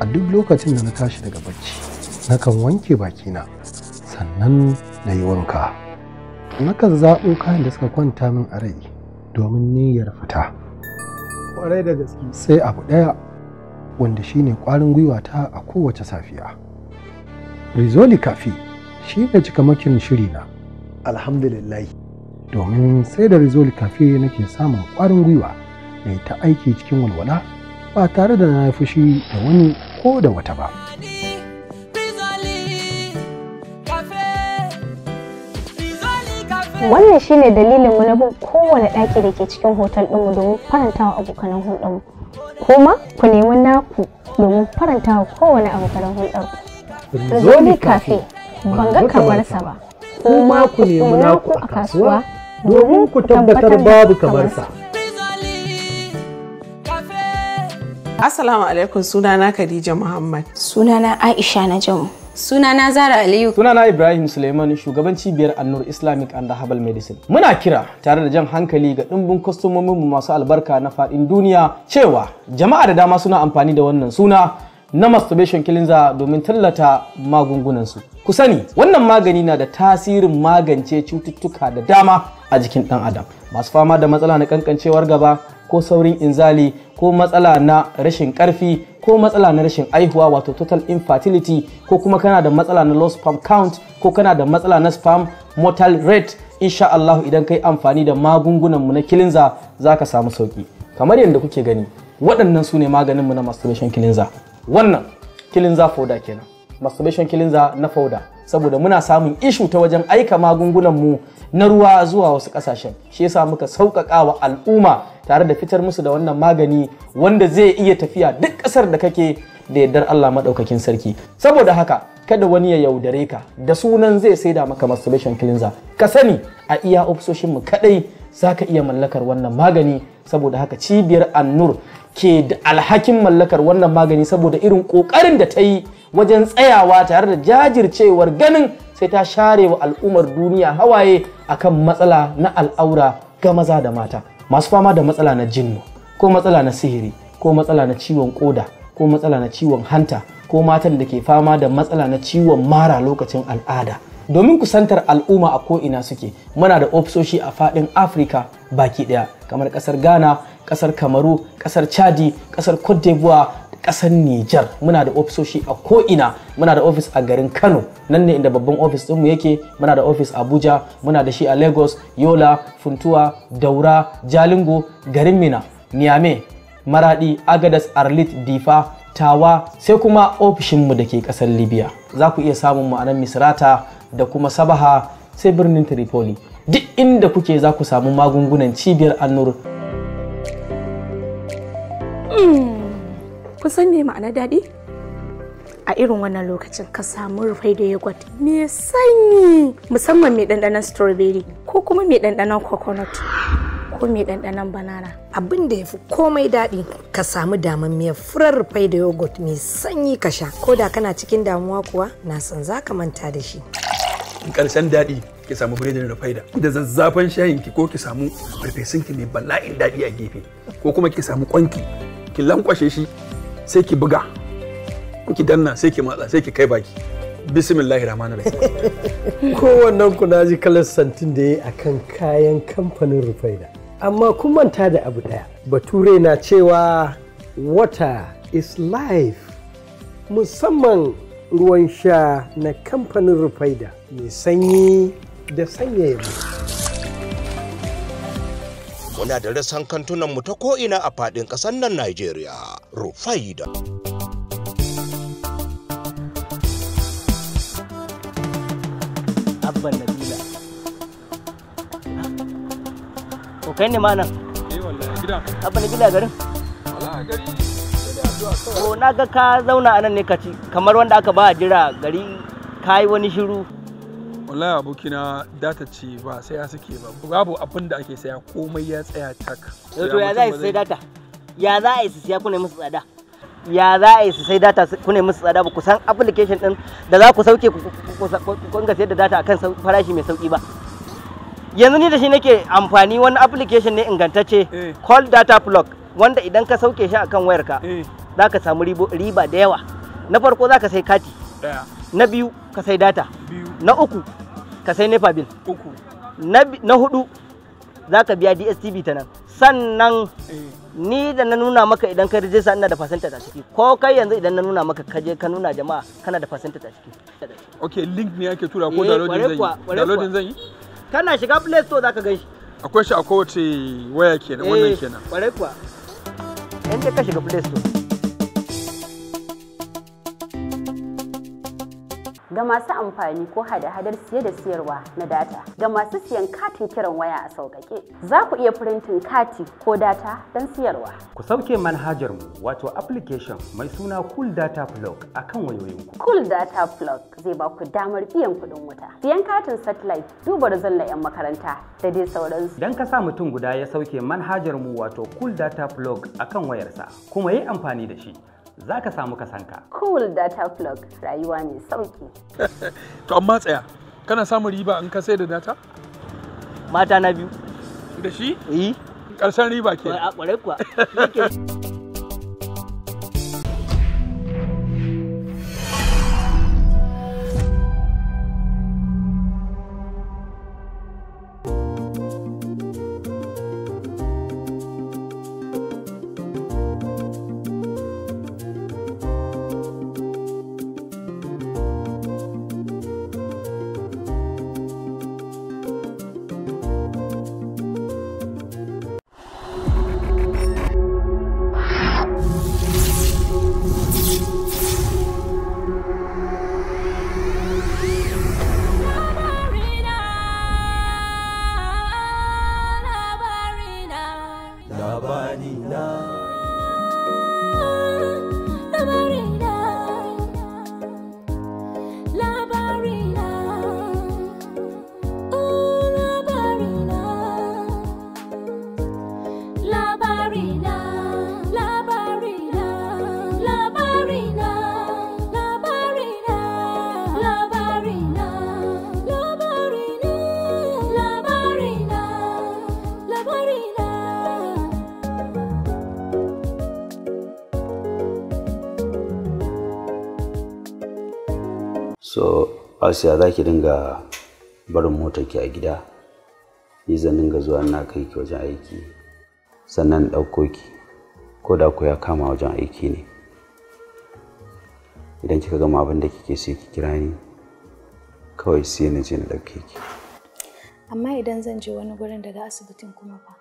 a duk lokacin da na tashi daga bacci nakan wanke bakina sannan na yi wanka nakan zaɓo kayan da suka kwanta min a rai domin niyyar fita ƙwarai da gaske sai abu ɗaya wanda shine ƙwarin ta a kowace safiya rizoli kafi shi ne cikamakin na, alhamdulillah domin sai da rizoli kafi nake samun ƙwarin gwiwa mai ta aiki cikin walwala ba tare da na fushi da wani ko da wata ba wannan shi ne dalilin mu na bin kowane ɗaki da ke cikin hotel ɗinmu domin faranta wa abokanan hulɗarmu kuma ku nemi naku domin faranta wa kowane abokanan mu. rizoli cafe ban ga kamarsa ba kuma ku nemi naku a kasuwa domin ku tabbatar babu kamarsa. Assalamu alaikum sunana Khadija Muhammad. Sunana Aisha Suna Sunana Zara Aliyu. Sunana Ibrahim Suleiman shugaban cibiyar Annur Islamic and Herbal Medicine. Muna kira tare da jan hankali ga ɗimbin mu masu albarka na faɗin duniya cewa jama'a da dama suna amfani da wannan suna na masturbation kilinza domin tallata magungunansu. Ku sani wannan magani na da tasirin magance cututtuka da dama a jikin ɗan adam. Masu fama da matsala na kankancewar gaba, ko saurin inzali ko matsala na rashin karfi ko matsala na rashin aihuwa wato total infertility ko kuma kana da matsala na low sperm count ko kana da matsala na sperm mortal rate insha Allah idan kai amfani da magungunan mu na kilinza zaka samu sauki kamar yadda kuke gani waɗannan su ne maganin mu na masturbation kilinza wannan kilinza fauda kenan masturbation kilinza na foda saboda muna samun ishu ta wajen aika magungunan mu na ruwa zuwa wasu kasashen shi yasa muka sauƙaƙa wa al'umma tare da fitar musu da wannan magani wanda zai iya tafiya duk ƙasar da kake da yardar Allah maɗaukakin sarki saboda haka kada wani ya yaudare ka da sunan zai saida maka masturbation cleanser ka sani a iya ofisoshinmu kaɗai za ka iya mallakar wannan magani saboda haka cibiyar annur ke da alhakin mallakar wannan magani saboda irin ƙoƙarin da ta yi wajen tsayawa tare da jajircewar ganin sai ta share wa al'ummar duniya hawaye akan matsala na al'aura ga maza da mata masu fama da matsala na jinnu ko matsala na sihiri ko matsala na ciwon ƙoda ko matsala na ciwon hanta ko matan da ke fama da matsala na ciwon mara lokacin al'ada domin kusantar al'umma a ko'ina suke muna da ofisoshi a faɗin afirka baki ɗaya kamar ƙasar ghana ƙasar kamaru ƙasar chadi ƙasar cote ƙasar kasar Nijar muna da ofisoshi a ko'ina muna da ofis a garin Kano nan ne inda babban ofis ɗinmu yake muna da ofis Abuja muna da shi a Lagos Yola Funtuwa Daura Jalingo garin Mina Niame Maradi Agadas Arlit Difa Tawa sai kuma ofishinmu da ke ƙasar Libya za ku iya samun ma'anar a Misrata da kuma sabaha sai birnin tripoli duk inda kuke za ku samu magungunan cibiyar annur hmm, kusan san ma'ana daɗi a irin wannan lokacin ka samu rufai da yogurt mai sanyi musamman mai ɗanɗanon strawberry ko kuma mai ɗanɗanon coconut ko mai ɗanɗanon banana abin da ya fi komai daɗi ka samu mai furar rufai da yogurt mai sanyi ka sha ko da kana cikin damuwa kuwa na san za ka manta da shi karshen daɗi ki samu biredin rufaida da zazzafan shayin ki ko ki samu farfesun ki mai bala'in daɗi a gefe ko kuma ki samu ƙwanki ki lankwashe shi sai ki buga ki danna sai ki matsa sai ki kai baki bismillahir rahmanir rahim wannan ku naji kalar santin da yayi akan kayan kamfanin rufaida amma kun manta da abu daya bature na cewa water is life musamman ruwan sha na kamfanin rufaida mai sanyi da sanyaya muna da rasan kantunan mu ta ko'ina a faɗin ƙasar nan Najeriya, Rufaida. Abban Nabila. Ko kai ne ma nan? Eh wallahi gida. Abban Nabila garin? Wallahi gari. to na ga ka zauna anan ne kaci kamar wanda aka ba jira gari yi wani shiru wallahi abokina data ce ba sai ya suke ba babu abin da ake saya komai ya tsaya tak to ya za a sai data ya za a yi su siya kuna musu tsada ya za a yi su sai data ku ne musu tsada ba ku san application din da za ku sauke ku ga sayar da data akan farashi mai sauki ba yanzu ni da shi nake amfani wani application ne ingantacce eh. call data plug wanda idan ka sauke shi akan wayar ka. Eh. za ka samu riba da yawa na farko za ka sai kati na biyu ka sai data na uku ka sai nepa bil na hudu za ka biya dstv ta nan sannan eh. ni da na nuna maka idan ka rijista ina da fasanta a ciki ko kai yanzu idan na nuna maka kaje ka nuna jama'a kana da fasanta a ciki ok link ne ake tura ko eh, downloading zan yi kana shiga play store zaka gan shi akwai shi a kowace waya kenan wannan eh, kenan kware kuwa in ka shiga play store ga masu amfani ko hada-hadar siye da siyarwa na data ga masu siyan katin kiran waya a sauƙaƙe za ku iya firintin kati ko data don siyarwa ku sauke manhajar mu wato application mai suna cool data plug a kan wayoyinku cool data plug zai ba ku damar biyan kuɗin wuta siyan katin satellite duba zalla 'yan makaranta da dai sauransu Idan ka sa mutum guda ya sauke manhajar mu wato cool data plug a kan wayarsa kuma yi amfani da shi za ka samu kasanka. Cool data plug rayuwa mai sauki. to amma tsaya, kana samun riba in ka sai da data? Mata na biyu. Da shi? Yi. Eh. Ƙarshen riba ke. Ƙwarai kuwa. labarina labarina labarina labarina labarina labarina so asiya za ki dinga barin motar ki a gida ni zan dinga zuwa na kai ki wajen aiki sannan ɗauko ki ko da ku ya kama wajen aiki ne idan kika gama abin da kike so ki kira ni kawai sai na je na ɗauke ki amma idan zan je wani gurin daga asibitin kuma fa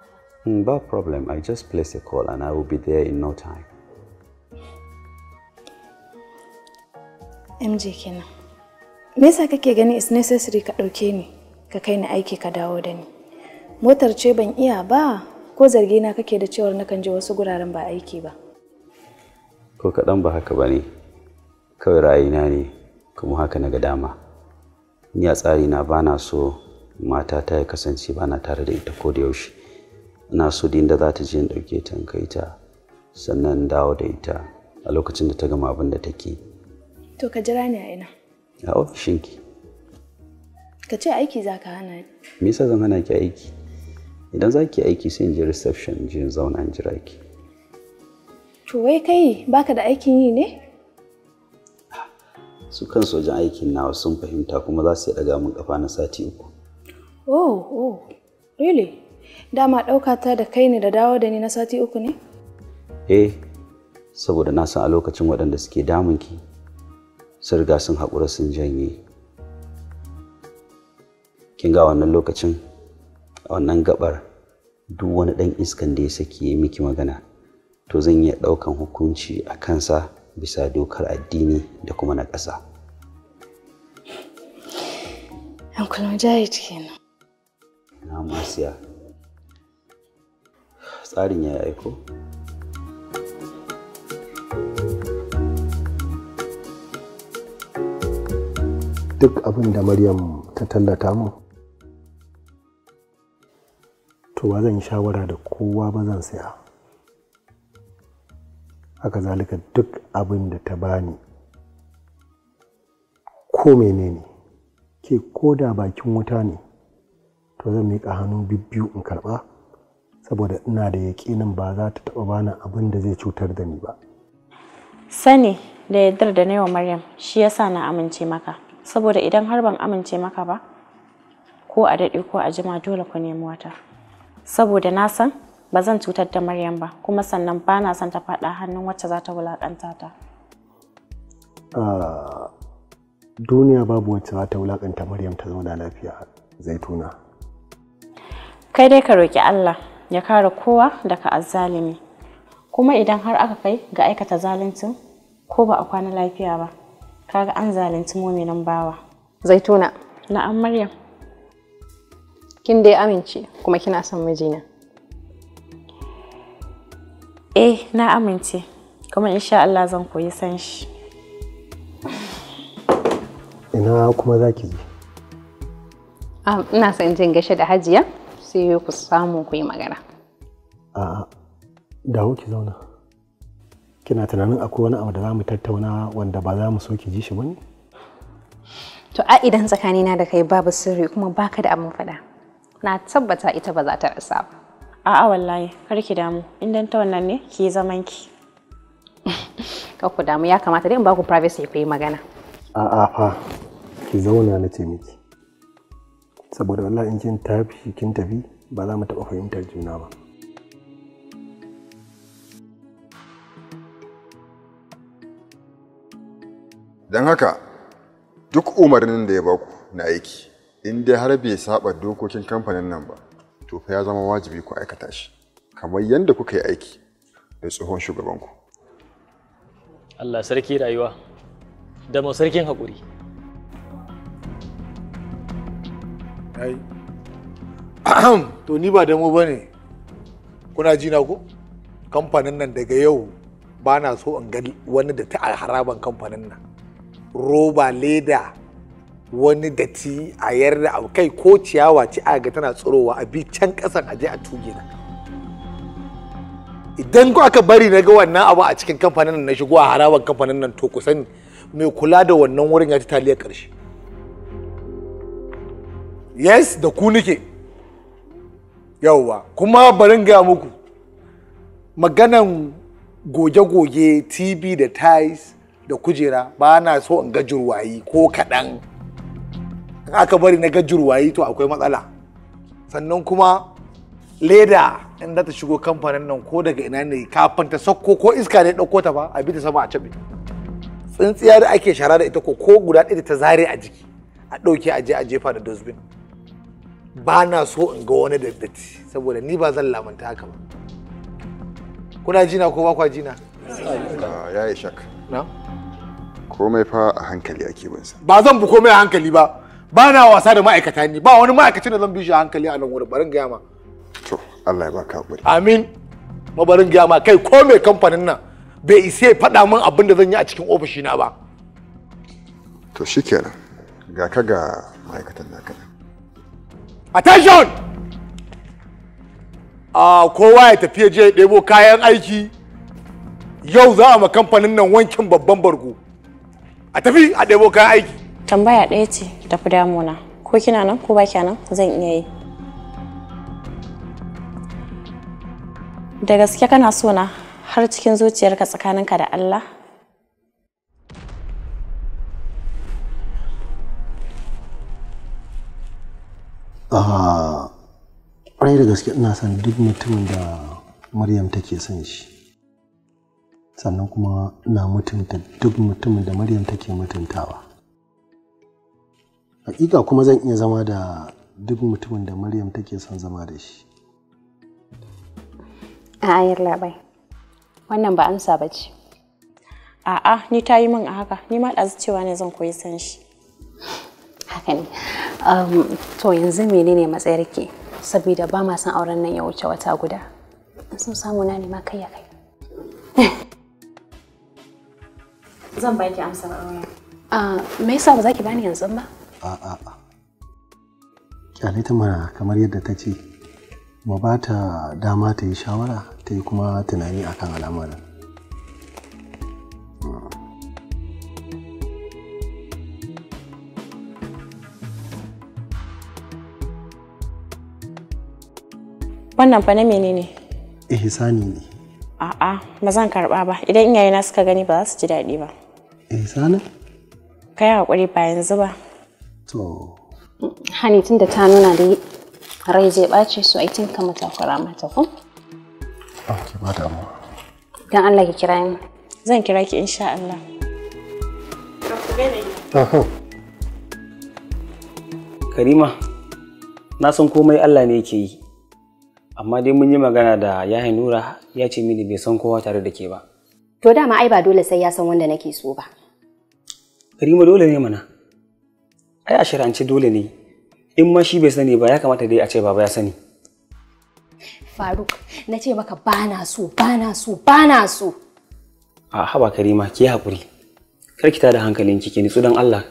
hmm, ba problem i just place a call and i will be there in no time mj kenan me yasa kake gani is necessary ka ɗauke ni ka kai ni aiki ka dawo da ni motar ce ban iya ba ko zargi na kake da cewar na kan je wasu guraren ba aiki ba ko kaɗan ba haka ba ne kawai ra'ayina ne kuma haka na ga dama ni a tsari na ba na so mata ta ya kasance ba na tare da ita ko da yaushe ina so da za ta je in ɗauke ta in kai ta sannan dawo da ita a lokacin da ta gama abin da take to ka jira ni a ina a ofishinki ka ce aiki za ka hana ni me yasa zan hana ki aiki idan za ki aiki sai in je reception je zauna in jira ki to wai kai baka da aikin yi ne su kan sojan aikin nawa sun fahimta kuma za su yi ɗaga min kafa na sati uku oh oh really dama ɗauka ta da kai ne da dawo da ni na sati uku ne eh saboda na san a lokacin waɗanda suke damunki sun riga sun haƙura sun janye kin ga wannan lokacin a wannan gabar duk wani ɗan iskan da ya saki ya miki magana to zan iya ɗaukan hukunci a kansa bisa dokar addini da kuma na ƙasa. jaye Mujahid na. Na masiya. Tsarin ya aiko? Duk abin da Maryam ta tallata mu. to ba zan yi shawara da kowa ba zan saya haka zalika duk abin da ta bani ko menene ke ko da bakin wuta ne to zan miƙa hannu bibbiyu in karɓa saboda ina da yaƙinin ba za ta taɓa bani abin da zai cutar da ni ba sani da dar da na wa maryam shi yasa na amince maka saboda idan har ban amince maka ba ko a daɗe ko a jima dole ku nemi wata saboda na san ba zan cutar da Maryam ba kuma sannan ba na son ta faɗa hannun wacce za ta wulaƙanta ta. duniya babu wacce za ta wulaƙanta Maryam ta zauna lafiya zaituna. Kai dai ka roƙi Allah ya kare kowa daga azzalimi. Kuma idan har aka kai ga aikata zaluncin ko ba a kwana lafiya ba, kaga an zalunci muminin bawa. Zaituna. Na'am Maryam. kin dai amince kuma kina son mijina eh na amince kuma insha Allah zan koyi san shi ina kuma za ki je ah, ina son jin gashe da hajiya sai ku samu ku yi magana a'a dawo ki zauna kina tunanin akwai wani abu da za mu tattauna wanda ba za mu so ki ji shi ba ne to a idan tsakanina da kai babu sirri kuma baka da abin faɗa na tabbata ita ba za ta rasa ba a'a wallahi kar ki damu inda ta wannan ne ki zaman ki damu ya kamata dai in ba ku privacy ku yi magana a'a fa ki zauna na ce miki saboda wallahi in kin tafi kin tafi ba za mu taɓa fahimtar juna ba don haka duk umarnin da ya baku na aiki in dai har bai saba dokokin kamfanin nan ba to fa ya zama wajibi ku aikata shi kamar yadda kuka yi aiki da tsohon shugabanku Allah sarki rayuwa da mu sarkin haƙuri ai to ni ba damo bane kuna ji na ku. kamfanin nan daga yau ba na so in ga wani da ta haraban kamfanin nan roba leda wani datti a yarda a kai ko ciyawa ci a ga tana tsirowa a bi can kasan aje a tuge na idan ko aka bari na ga wannan abu a cikin kamfanin nan na shigo a harawan kamfanin nan to ku sani mai kula da wannan wurin ya ci taliyar karshe yes da ku nike yauwa kuma barin ga muku maganan goge-goge tv da ties da kujera ba na so in ga jurwayi ko kaɗan in aka bari na wayi to akwai matsala sannan kuma leda in za ta shigo kamfanin nan ko daga ina ne kafin ta sakko ko iska ne ɗauko ta ba a bi ta sama a cabe tsintsiya da ake shara da ita ko ko guda ɗaya ta zare a jiki a ɗauke a je a jefa da dosbin ba na so in ga wani da datti saboda ni ba zan lamanta haka ba kuna jina ko ba kwa jina ah, ya yi shak komai fa a hankali ake bin sa ba zan bu komai a hankali ba ba na wasa da ma'aikata ni ba wani ma'aikacin da zan bi shi hankali a nan wurin barin gaya ma to Allah ya baka hakuri amin mabarin gaya ma kai ko mai kamfanin nan bai isa ya faɗa min abin da zan yi a cikin ofishi na ba to shikenan ga ka ga ma'aikatan naka attention a ah, kowa ya tafi je ya ɗebo kayan aiki yau za a ma kamfanin nan wankin babban bargo a tafi a ɗebo kayan aiki tambaya ɗaya ce fi damuna ko kina nan ko ba nan zan iya yi da gaske kana so na har cikin zuciyarka tsakaninka da Allah ah, ƙwarai da gaske ina son duk mutumin da Maryam take son shi sannan kuma ina mutunta duk mutumin da Maryam take mutuntawa hakika kuma zan iya zama da duk mutumin da maryam take son zama da shi a'a labai wannan ba amsa ba ce a'a ni ta yi min a haka ni ma ɗazu cewa ne zan koyi san shi haka ne um, to yanzu menene matsayar ke saboda ba ma san auren nan ya wuce wata guda sun samu na ma kai ya kai zan baki amsar auren ah, me yasa ba za ki bani yanzu ba a'a kyale ta mana kamar yadda ta ce mu ba ta dama ta yi shawara ta yi kuma tunani akan al'amarin wannan fa na menene ihsani ne a'a ba zan karba ba idan iyayena suka gani ba za su ji daɗi ba ihsani kai hakuri ba yanzu ba To. Hani tun da ta nuna da rai zai ɓace so ai tun kama mata ko? Ah, ki mu. Don Allah ki kira ni. Zan kira ki insha Allah. Karima, na san komai Allah ne yake yi. Amma dai mun yi magana da Yahya Nura ya ce mini bai san kowa tare da ke ba. To dama ai ba dole sai ya san wanda nake so ba. Karima dole ne mana. ai a shirance dole ne in ma shi bai sani ba ya kamata dai a ce baba ya sani faruk na ce maka bana so bana so bana so a haba karima ke hakuri kar ki tada hankalinki ki nitsu dan Allah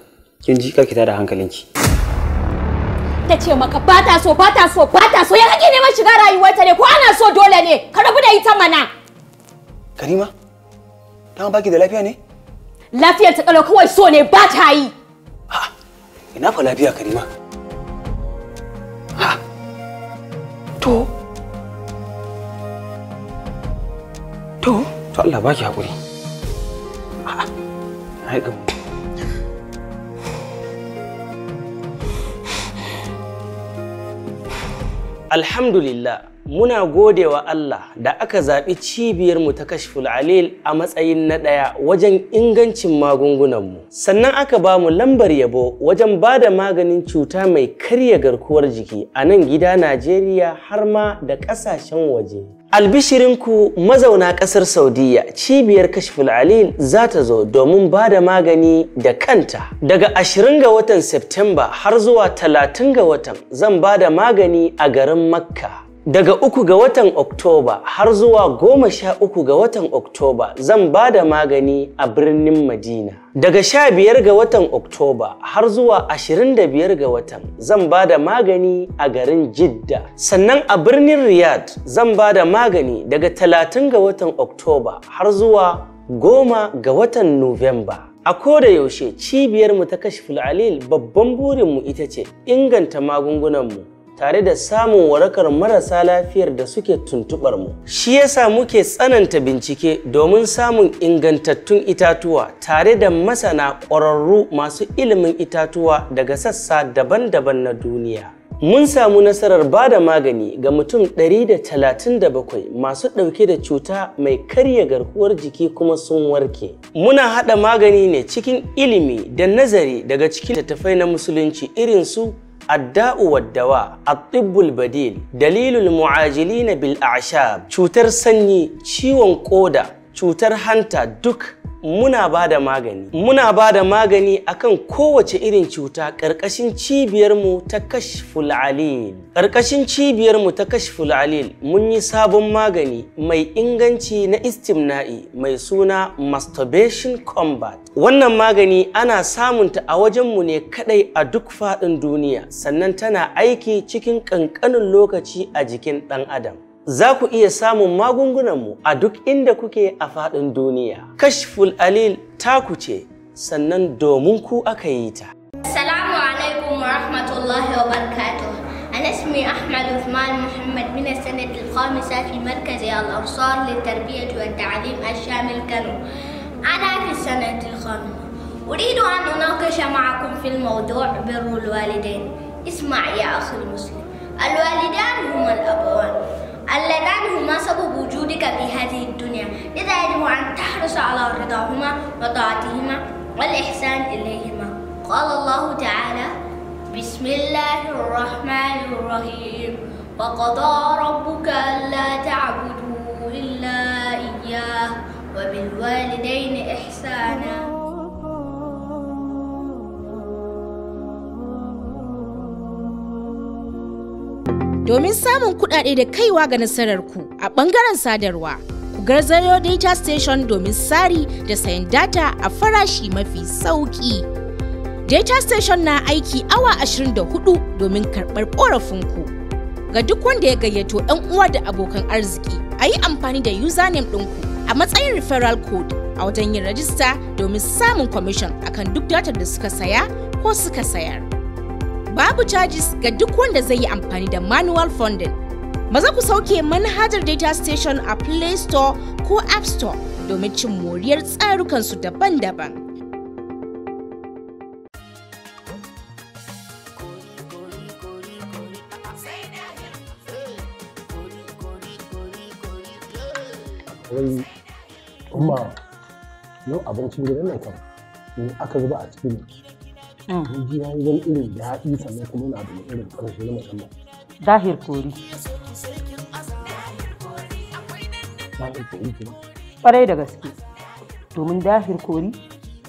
kin ji kar ki tada hankalinki ta ce maka ba ta so ba ta so ba ta so ya kake neman shiga rayuwarta ne ko ana so dole ne ka rabu da ita mana karima dan baki da lafiya ne lafiyar ta kalau kawai so ne ba ta yi ha ina fa lafiya karima ha to to to Allah baki hakuri ha ai gamu alhamdulillah muna godewa Allah da aka zaɓi cibiyarmu ta kashful alil a matsayin na ɗaya wajen ingancin magungunanmu. Sannan aka ba mu lambar yabo wajen ba da maganin cuta mai karya garkuwar jiki a nan gida Najeriya har ma da ƙasashen waje. Albishirinku mazauna ƙasar Saudiya cibiyar kashful alil za ta zo domin ba da magani da kanta. Daga 20 ga watan Septemba har zuwa 30 ga watan zan ba da magani a garin Makka. Daga uku ga watan Oktoba har zuwa goma sha uku ga watan Oktoba zan ba da magani a birnin Madina. Daga sha biyar ga watan Oktoba har zuwa ashirin da biyar ga watan zan ba da magani a garin Jidda. Sannan a birnin Riyadh zan ba da magani daga talatin ga watan Oktoba har zuwa goma ga watan Nuwamba. A koda yaushe cibiyarmu ta kashi alil babban burinmu ita ce inganta magungunanmu. tare da samun warakar marasa lafiyar da suke tuntubar mu. Shi yasa muke tsananta bincike domin samun ingantattun itatuwa tare da masana ƙwararru masu ilimin itatuwa daga sassa daban-daban na duniya. Mun samu nasarar ba da magani ga mutum 137 masu ɗauke da cuta mai karya garkuwar jiki kuma sun warke. Muna haɗa magani ne cikin ilimi da nazari daga cikin tattafai na musulunci irin su adda'u waddawa at-tibbul badil dalilul mu'ajilina bil a'shab cutar sanyi ciwon ƙoda, cutar hanta duk muna ba da magani muna ba da magani akan kowace irin cuta ƙarƙashin cibiyarmu ta kashful alil ƙarƙashin cibiyarmu ta kashful alil mun yi sabon magani mai inganci na istimna'i mai suna masturbation combat wannan magani ana samunta a wajenmu ne kaɗai a duk faɗin duniya sannan tana aiki cikin ƙanƙanin lokaci a jikin ɗan adam za ku iya samun magungunanmu a duk inda kuke a faɗin duniya. Kashful Alil taku ce sannan domin ku aka yi ta. Assalamu alaikum wa rahmatullahi wa barakatuh. أنا اسمي أحمد عثمان محمد من السنة الخامسة في مركز الأبصار للتربية والتعليم الشامل كانو أنا في السنة الخامسة أريد أن أناقش معكم في الموضوع بر الوالدين اسمع يا أخي المسلم الوالدان هما الأبوان اللذان هما سبب وجودك في هذه الدنيا لذا يجب أن تحرص على رضاهما وطاعتهما والإحسان إليهما قال الله تعالى بسم الله الرحمن الرحيم وقضى ربك ألا تعبدوا إلا إياه وبالوالدين إحسانا domin samun kuɗaɗe da kaiwa ga nasarar ku a ɓangaren sadarwa. Ku garzayo Data Station domin sari da sayan data a farashi mafi sauƙi. Data Station na aiki awa 24 domin karɓar ƙorafinku. Ga duk wanda ya gayyato 'yan uwa da abokan arziki, a yi amfani da username ɗinku a matsayin referral code a wajen yin rajista domin samun kwamishin akan duk datar da suka saya ko suka sayar. babu charges ga duk wanda zai yi amfani da manual funding. Maza ku sauke manhajar data station a Play Store ko App Store domin cin moriyar tsarukansu daban-daban. kuma yau abincin gidan nan kan aka zuba a cikin ji ya yi wani irin daɗi sannan kuma na da Dahir kori. Dahir Ƙwarai da gaske. Domin dahir kori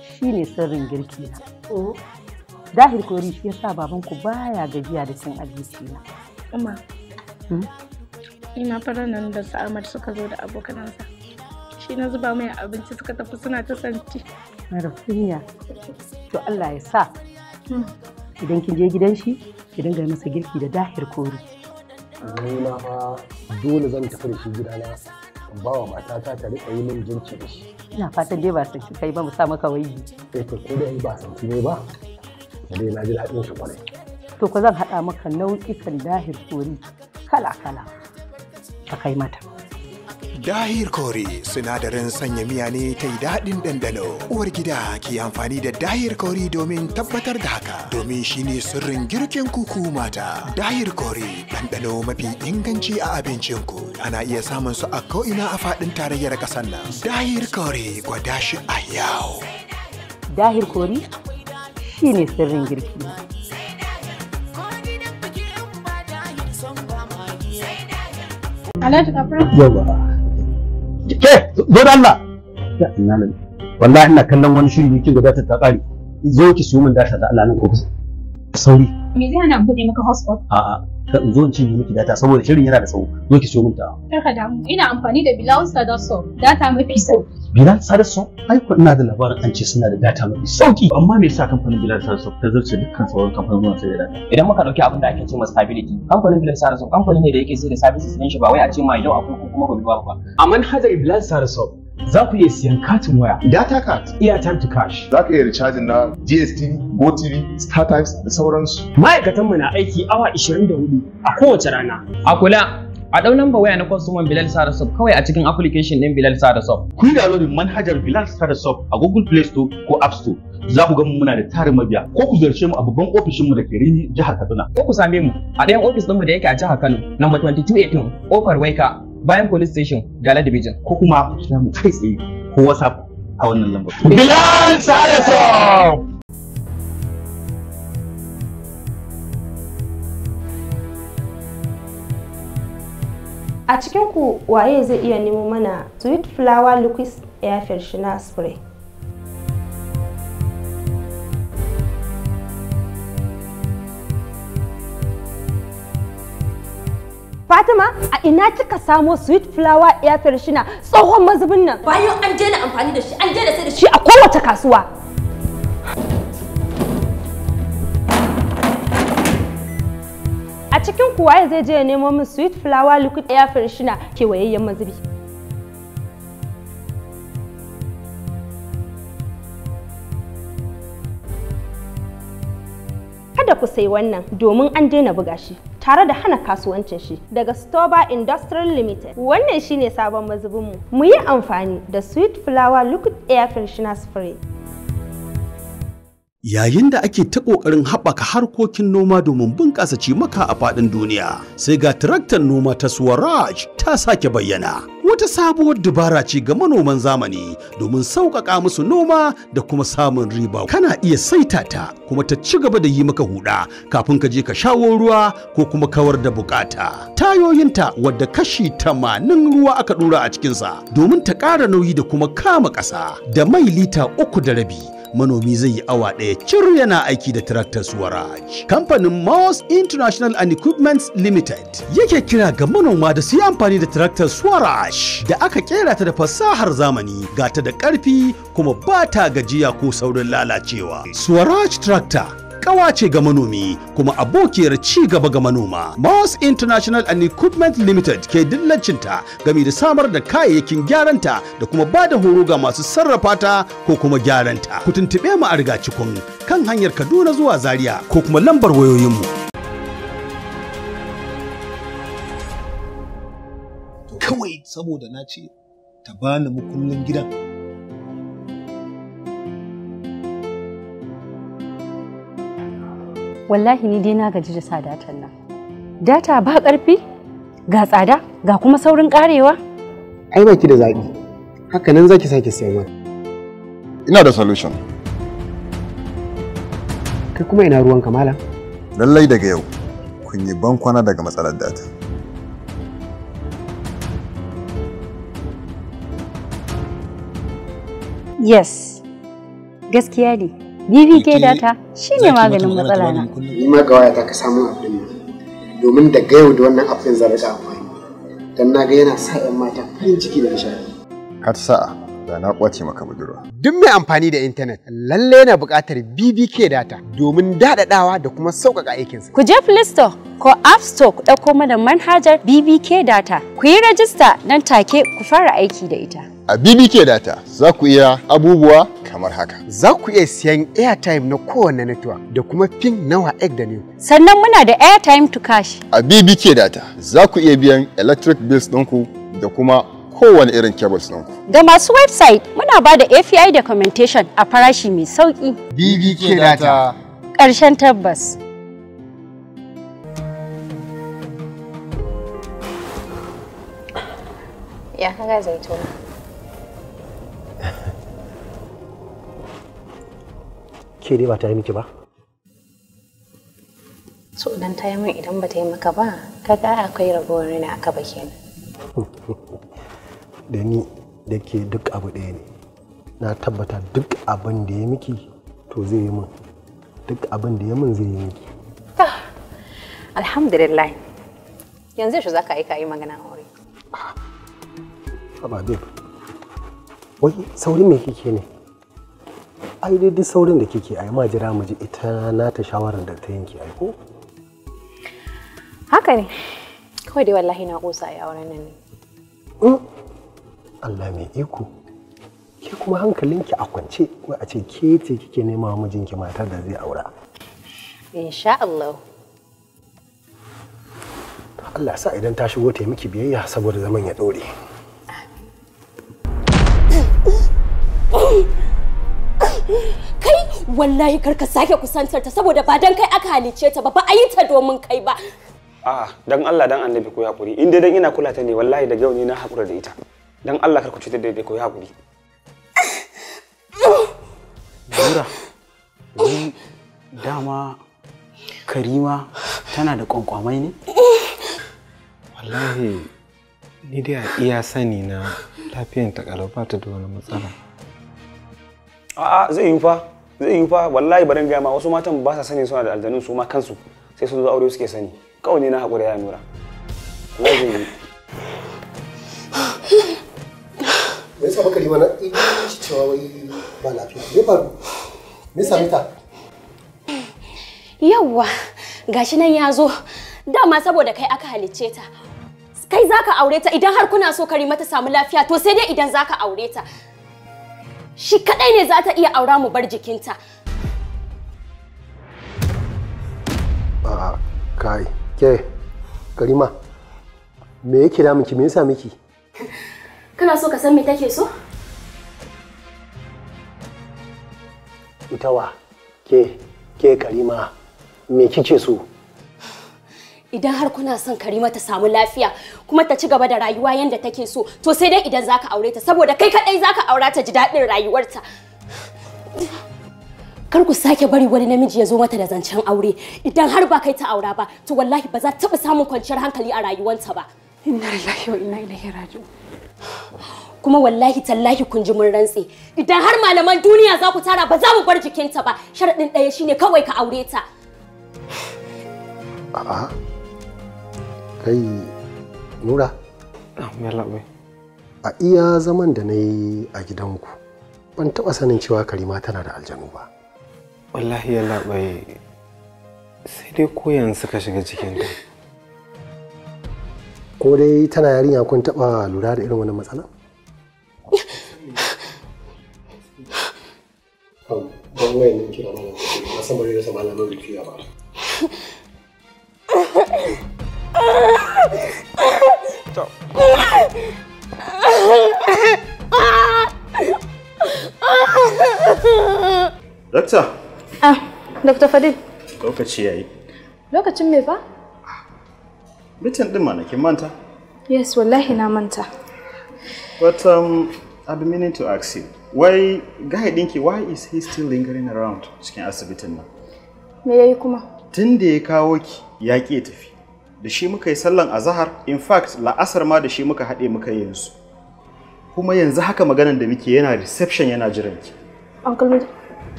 shi ne sirrin girki na. Dahir kori shi yasa babanku baya gajiya da cin abinci na. Amma. Mm, Ina fara nan da Sa'amar suka zo da abokanansa. Shi na zuba mai abinci suka tafi suna ta santi. mara kunya to Allah ya sa idan kin je gidan shi ki dinga masa girki da dahir kori nuna fa dole zan tafi da shi gidana ba wa matata ta rika yi min jinci da shi ina fatan dai ba san shi kai ba mu sa maka wayi eh to ko dai ba san shi ne ba dai na ji daɗin shi kwarai to ko zan haɗa maka nau'ikan dahir kori kala kala ka kai mata Dahir Kori sinadarin sanya miya ne ta yi daɗin ɗanɗano. Uwar gida ke amfani da Dahir Kori domin tabbatar da haka, domin shi ne sirrin girkin kuku mata. Dahir Kori ɗanɗano mafi inganci a abincinku. Ana iya samun su a ko'ina a faɗin tarayyar ƙasar nan. Dahir Kori gwada shi a yau. Dahir Kori shi ne sirrin girki. Alhaji Yawa. ke zo da Allah wallahi ina kallon wani shiri ne kin ga data ta kare zo ki siyo min data da Allah nan ko sauri me zai hana bude maka hotspot a'a ka zo in cinye miki data saboda shirin yana da tsawo zo ki siyo mun ta kar ka damu ina amfani da bilawsa da so data mafi sauki Bilal Salisu ai ko ina da labarin an ce suna da data mafi sauki amma me yasa kamfanin Bilal Salisu ta zarce dukkan sauran kamfanonin sai da idan muka dauki abin da ake cewa stability kamfanin Bilal Salisu kamfanin ne da yake sai da services din shi ba wai a ce mai yau akwai kuma kuma gobe ba a manhajar Bilal Salisu za ku iya siyan katin waya data card iya time to cash za ka iya recharge na GSTV GoTV StarTimes da sauransu mu na aiki awa 24 a kowace rana a kula a ɗau namba waya na kwasuman Bilal Sarasop kawai a cikin application ɗin Bilal Sarasop. Ku yi downloading manhajar Bilal Sarasop a Google Play Store ko App Store. Za ku ga muna da tarin mabiya ko ku ziyarce mu a babban ofishinmu da ke Rini jihar Kaduna. Ko ku same mu a ɗayan ofis ɗinmu da yake a jihar Kano, namba 2218 Ofar Waika bayan police station Gala Division. Ko kuma ku kira kai tsaye ko WhatsApp a wannan lambar. Bilal Sarasop! a cikin ku waye zai iya nemo mana sweet flower liquid air freshener spray Fatima a ina kika samo sweet flower air freshener tsohon mazubin nan bayan an je na amfani da shi an je da sai da shi a kowace kasuwa a cikin kuwa zai je ya nemo min sweet flower liquid air freshener kewayayyen mazubi kada ku sai wannan domin an daina buga shi tare da hana kasuwancin shi daga Stoba Industrial Limited. Wannan shine sabon mazubinmu. Mu yi amfani da Sweet Flower Liquid Air Freshener Spray. yayin da ake ta ƙoƙarin haɓaka harkokin noma domin bunƙasa cimaka a faɗin duniya sai ga tiraktar noma ta swaraj ta sake bayyana wata sabuwar dabara ce ga manoman zamani domin sauƙaƙa musu noma da kuma samun riba kana iya saita ta kuma ta ci gaba da yi maka huɗa kafin ka je ka shawo ruwa ko kuma kawar da bukata tayoyinta wadda kashi tamanin ruwa aka ɗura a cikinsa domin ta ƙara nauyi da kuma kama ƙasa da mai lita uku da rabi manomi zai yi awa ɗaya cir yana aiki da tractor Swaraj. kamfanin Mouse International and Equipment Limited yake kira ga manoma da su yi amfani da tractor Swaraj da aka kera ta da fasahar zamani ga ta da ƙarfi kuma ba ta gajiya ko saurin lalacewa Swaraj tractor ƙawa ce ga manomi kuma abokiyar ci gaba ga manoma. Moss International and Equipment Limited ke dillacinta gami da samar da kayayyakin gyaranta da kuma bada horo ga masu sarrafa ta ko kuma gyaranta. Ku tuntuɓe mu a rigacikun kan hanyar Kaduna zuwa Zaria ko kuma lambar wayoyinmu. kawai saboda na ce ta bani mukullin gidan wallahi ni dai na gaji da sa datan nan data ba ƙarfi ga tsada ga kuma saurin ƙarewa ai ba ki da zaɓi haka nan zaki sake siyan wani ina da solution kai kuma ina ruwan kamala lallai daga yau kun yi bankwana daga matsalar data yes gaskiya ne BBK data shine maganin matsala na. Ni ma ga wayata ka samu abin nan. Domin da yau da wannan abin zan rika amfani. Dan na ga yana sa ƴan mata farin ciki da nishaɗi. Ka ta sa'a da na kwace maka budurwa. Duk mai amfani da intanet lalle yana buƙatar BBK data domin daɗaɗawa da kuma sauƙaƙa aikinsa. Ku je Play Store ko App Store ku ɗauko mana manhajar BBK data. Ku yi rajista nan take ku fara aiki da ita. A BBK Data za ku iya abubuwa kamar haka. Za ku iya siyan airtime na kowane network da kuma pin nawa egg da ne. Sannan muna da airtime to cash. A BBK Data za ku iya biyan electric bills ɗinku da kuma kowane irin cables ɗinku. Ga masu website muna ba da API documentation a farashi mai sauƙi. BBK Data. Ƙarshen tabbas. ke dai ba ta yi miki ba so dan ta yi min idan ba ta yi maka ba kaga akwai ragowar ne aka ba nan. da ni da ke duk abu ɗaya ne na tabbata duk abin da ya miki to zai yi min duk abin da ya min zai yi miki ah, alhamdulillah yanzu shi za ka aika yi magana a wuri. babe, Wai saurin me kike ne? Ai dai duk saurin da kike ai ma jira mu ji ita na ta shawarar da ta yanke ai ko? Haka ne. Kawai dai wallahi na kosa a auren nan ne. Hmm? Allah mai iko. Ke kuma hankalinki a kwance wai a ce ke ce kike nema mijinki matar da zai aura. Insha Allah. Allah sa idan ta shigo ta yi miki biyayya saboda zaman ya dore. kai wallahi karka sake kusantar ta saboda ba dan kai aka halice ta ba ba a yi ta domin kai ba a'a dan Allah dan annabi ko hakuri in dai dan ina kula ta ne wallahi da yau ne na hakura da ita dan Allah karka cutar da ko hakuri Zura dama Karima tana da kwankwamai ne wallahi ni dai a iya sani na lafiyan ta ta da wani matsala a'a zai yi fa zai yi fa wallahi barin gaya ma wasu matan ba sa sani suna da aljanun su ma kansu sai sun zo aure suke sani kawai ne na hakuri ya nura ko zai yi me yasa baka riba eh, na shi cewa wai ba lafiya ne faru me sami ta yawwa gashi nan ya zo dama saboda kai aka halicce ta kai zaka aure ta idan har kuna so kari mata samu lafiya to sai dai idan zaka aure ta shi kadai ne za ta iya aura mu bar jikinta. A'a, kai, ke, Karima, me yake da miki, me yasa miki? Kana so ka san me take so? Itawa, ke, ke Karima, me kike so? idan har kuna son Karima ta samu lafiya kuma ta ci gaba da rayuwa yadda take so to sai dai idan zaka aure ta saboda kai kadai zaka aura ta ji daɗin rayuwarta kar ku sake bari wani namiji ya zo mata da zancen aure idan har ba kai ta aura ba to wallahi ba za ta taba samun kwanciyar hankali a rayuwarta ba inna lillahi wa inna ilaihi raji'un kuma wallahi tallahi kun ji mun rantse idan har malaman duniya za ku tara ba za mu bar jikinta ba ɗin ɗaya shine kawai ka aure ta a'a kai nura ah, a iya zaman da na yi a gidanku ban taɓa sanin cewa karima tana da aljanu ba wallahi ya labai sai dai koyan suka shiga cikin ta ko dai tana yarinya kun taɓa lura da irin wani matsala ban wayan nan kira na san bari da sama na ba Dokta. Ah, Doctor Fadil. Lokaci yayi. Lokacin me fa? Bitin din mana kin manta? Yes, wallahi na manta. But um, I've been meaning to ask you. Why guy dinki why is he still lingering around cikin asibitin nan? Me yayi kuma? Tun da ya kawo ki ya ki tafi. da shi muka yi sallan azahar in fact la'asar ma da shi muka haɗe muka yi yanzu kuma yanzu haka maganan da muke yana reception yana jiran ki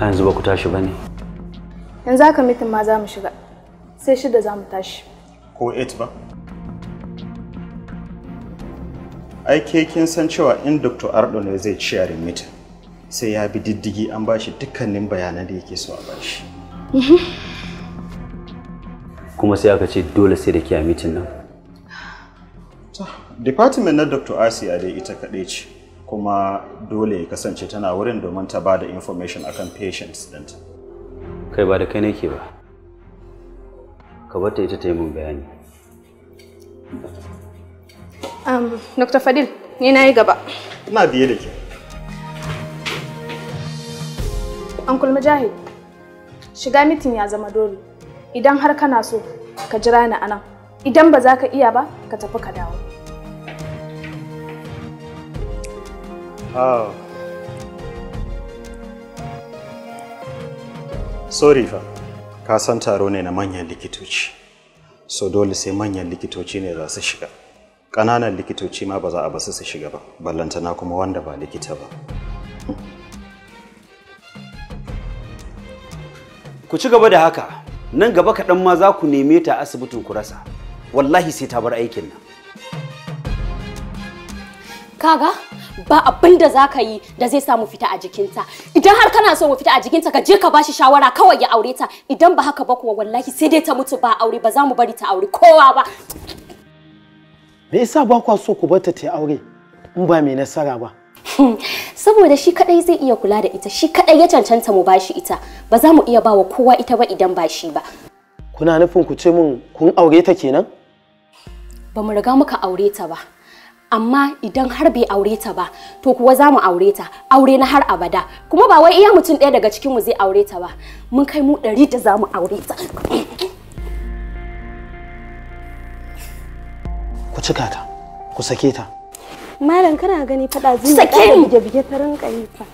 yanzu ba ku tashi ba ne yanzu haka mitin ma za mu shiga sai shida za mu tashi ko 8 ba ai ke kin san cewa in Dr. Ardo ne zai ci a sai ya bi diddigi an bashi dukkanin bayanan da yake so a bashi. Kuma sai aka ce dole sai da ke a mitin nan. Department na Dr. Asiya dai ita kaɗai ce kuma dole ya kasance tana wurin domin ta ba da information akan patients ɗinta. Kai ba da kai ke ba. Ka bar ta ita ta yi mun bayani. Um, Dr. Fadil, ni na yi gaba. Ina biye da ke. Uncle Mujahid, shiga mitin ya zama dole. Idan har kana so, ka jira ni anan. Idan ba za ka iya ba, ka tafi ka dawo. Oh. Sorry fa, ka san taro ne na manyan likitoci. So dole sai manyan likitoci ne za su shiga. ƙananan likitoci ma ba za a ba su shiga ba ballantana kuma wanda ba likita ba ku ci gaba da haka nan gaba kaɗan ma za ku neme ta asibitin ku rasa wallahi sai ta bar aikin nan kaga ba abin da za ka yi da zai samu fita a jikinta idan har kana so mu fita a jikinta ka je ka bashi shawara kawai ya aure ta idan ba haka ba kuwa wallahi sai dai ta mutu ba aure ba za mu bari ta aure kowa ba me yasa ba kwa so ku barta ta yi aure in ba mai nasara ba saboda shi kadai zai iya kula da ita shi kadai ya cancanta mu bashi ita ba za mu iya ba wa kowa ita ba idan ba shi ba kuna nufin ku ce min kun aure ta kenan ba mu riga muka aure ta ba amma idan har bai aure ta ba to kuwa za mu aure ta aure na har abada kuma ba wai iya mutum ɗaya daga cikin mu zai aure ta ba mun kai mu ɗari da za mu aure ta ku cika ta ku sake ta malam kana gani fada zai sake ni je bige ta rinka yi fa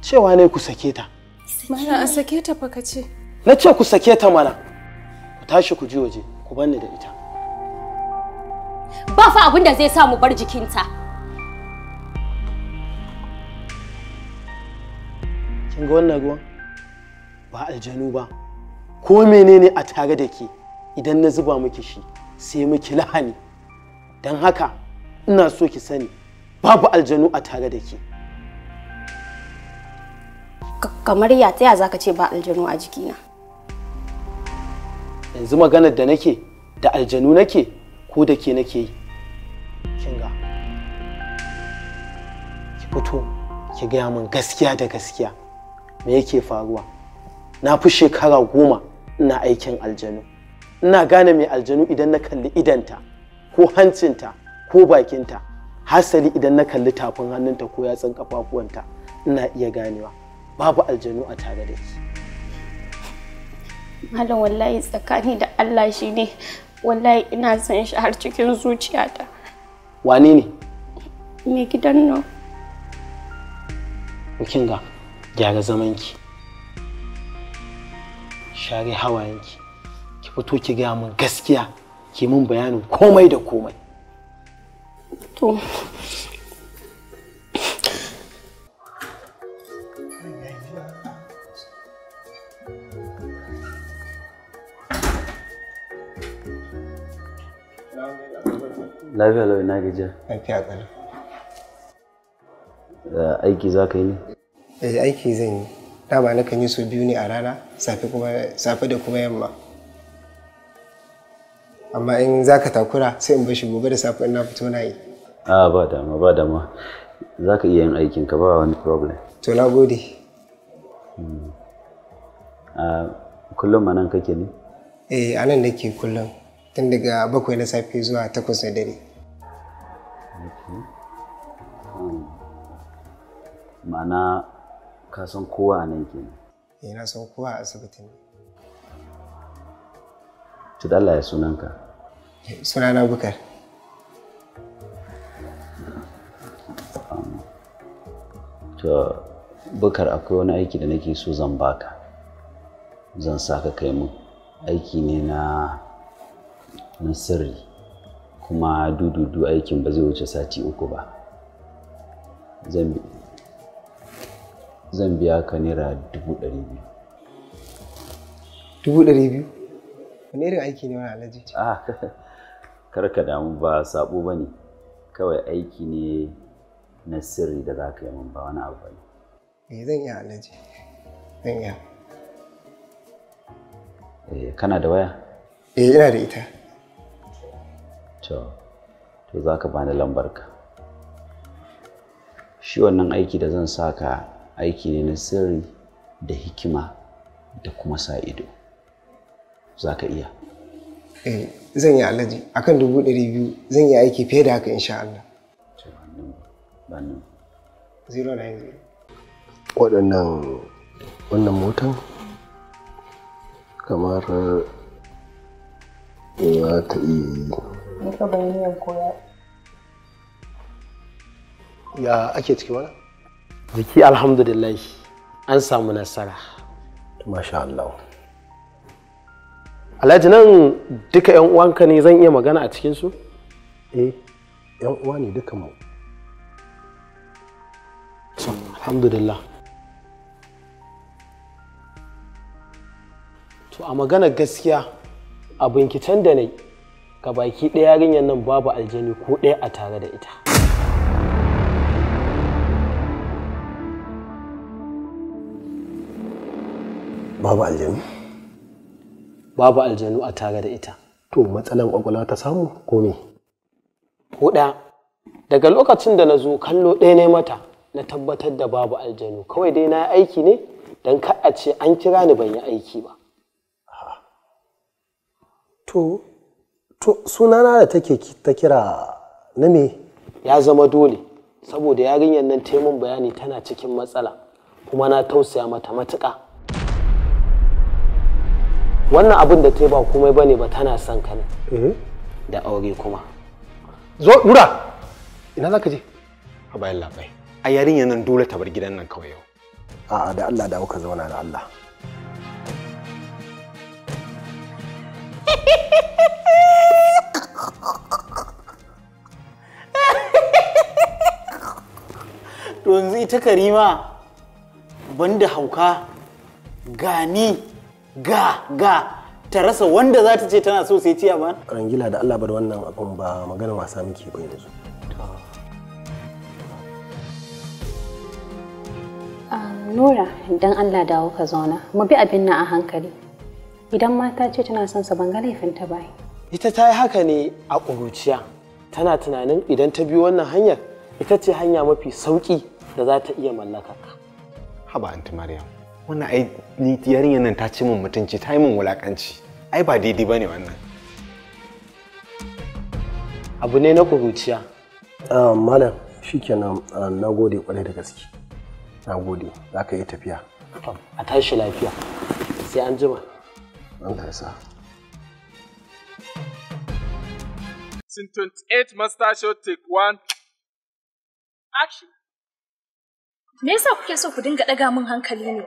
cewa ne ku sake ta malam a sake ta fa kace na ce ku sake ta mana ku tashi ku ji waje ku banni da ita ba fa abin da zai sa mu bar jikinta kin ga wannan ruwan ba aljanu ba ko menene a tare da ke idan na zuba miki shi sai miki lahani don haka ina so ki sani babu aljanu a tare da ke kamar ya taya za ka ce ba aljanu a jikina yanzu maganar da nake da aljanu nake ko da ke nake kinga ki fito ki gaya min gaskiya da gaskiya me yake faruwa na fi shekara goma ina aikin aljanu ina gane mai aljanu idan na kalli idanta ko hancinta ko bakinta hasali idan na kalli tafin hannunta ko yatsan kafafuwanta ina iya ganewa babu aljanu a tare da ki malam wallahi tsakani da Allah shi ne wallahi ina san shi har cikin zuciyata wane ne me gidan nan kin ga gyara zamanki share hawayenki ki fito ki gaya mun gaskiya ke mun bayanin komai da komai to lafiya lau na gajiya lafiya kalau aiki za ka yi ne eh aiki zan yi dama nakan yi su biyu ne a rana safe da kuma yamma amma in za ka takura sai in bashi gobe da safe na fito na yi a ba dama ba dama za ka iya yin aikin ka ba wani problem to na gode hmm. a kullum a nan kake ne eh a nan nake kullum tun daga bakwai na safe zuwa takwas na dare hmm. ma'ana ka san kowa a nan kenan eh na san kowa a asibitin to Allah ya sunanka sunana bukar to bukar akwai wani aiki da nake so zan baka zan sa ka kai mu aiki ne na na sirri kuma dududu aikin ba zai wuce sati uku ba zan biya ka naira dubu ɗari biyu dubu ɗari biyu wani irin aiki ne wani alaji ah karka damu ba sabo ba ne kawai aiki ne na sirri da za ka yi min ba wani abu ne eh zan iya alaji zan iya eh kana da waya eh ina da ita to to za ka bani lambarka shi wannan aiki da zan saka aiki ne na sirri da hikima da kuma sa ido za ka iya eh zan yi alaji akan dubu ɗari biyu zan yi aiki fiye da haka sha Allah. waɗannan wannan motan kamar eh, za ta iya yi ya ake ciki wani? jiki alhamdulillah an samu nasara masha Allah alhaji nan duka yan uwanka ne zan iya magana a cikinsu? eh yan uwa ne duka mu alhamdulillah to a magana gaskiya a binciken da na ga baki ɗaya yarinyar nan babu aljani ko ɗaya a tare da ita babu aljani babu aljanu a tare da ita to matsalan ƙwaƙwala ta samu ko me daga lokacin da na zo kallo ɗaya ne mata na tabbatar da babu aljanu kawai dai na aiki ne don ka a ce an kira ni ban yi aiki ba to to sunana da take ta kira na me ya zama dole saboda yarinyar nan taimun bayani tana cikin matsala kuma na tausaya mata matuka. wannan abin da ta yi ba komai ba ne ba tana son ka ne eh? da aure kuma zo nura ina za ka je a bayan labai a yarinyar nan dole ta bar gidan nan kawai yau a'a da Allah da ka zauna da Allah to yanzu ita karima banda hauka gani ga ga ta rasa wanda za ta ce tana so sai ciya ba rangila da Allah bar wannan abun ba magana wasa muke ba yanzu ah, Nura dan Allah dawo ka zauna mu bi abin nan a hankali idan mata ce tana son sa ban ga ta ba ita ta yi haka ne a ƙuruciya tana tunanin idan ta bi wannan hanyar ita ce hanya mafi sauƙi da za ta iya mallaka haba anti Maryam wannan ai yarinyar nan ta ce min mutunci ta yi min wulakanci ai ba daidai ba ne wannan abu ne na kuruciya ah, malam shikenan ah, na gode kwarai da gaske na gode za ka yi tafiya a tashi lafiya sai an jima an sa since 28 Master Show Take one Action Me yasa kuke so ku dinga ɗaga min hankali ne?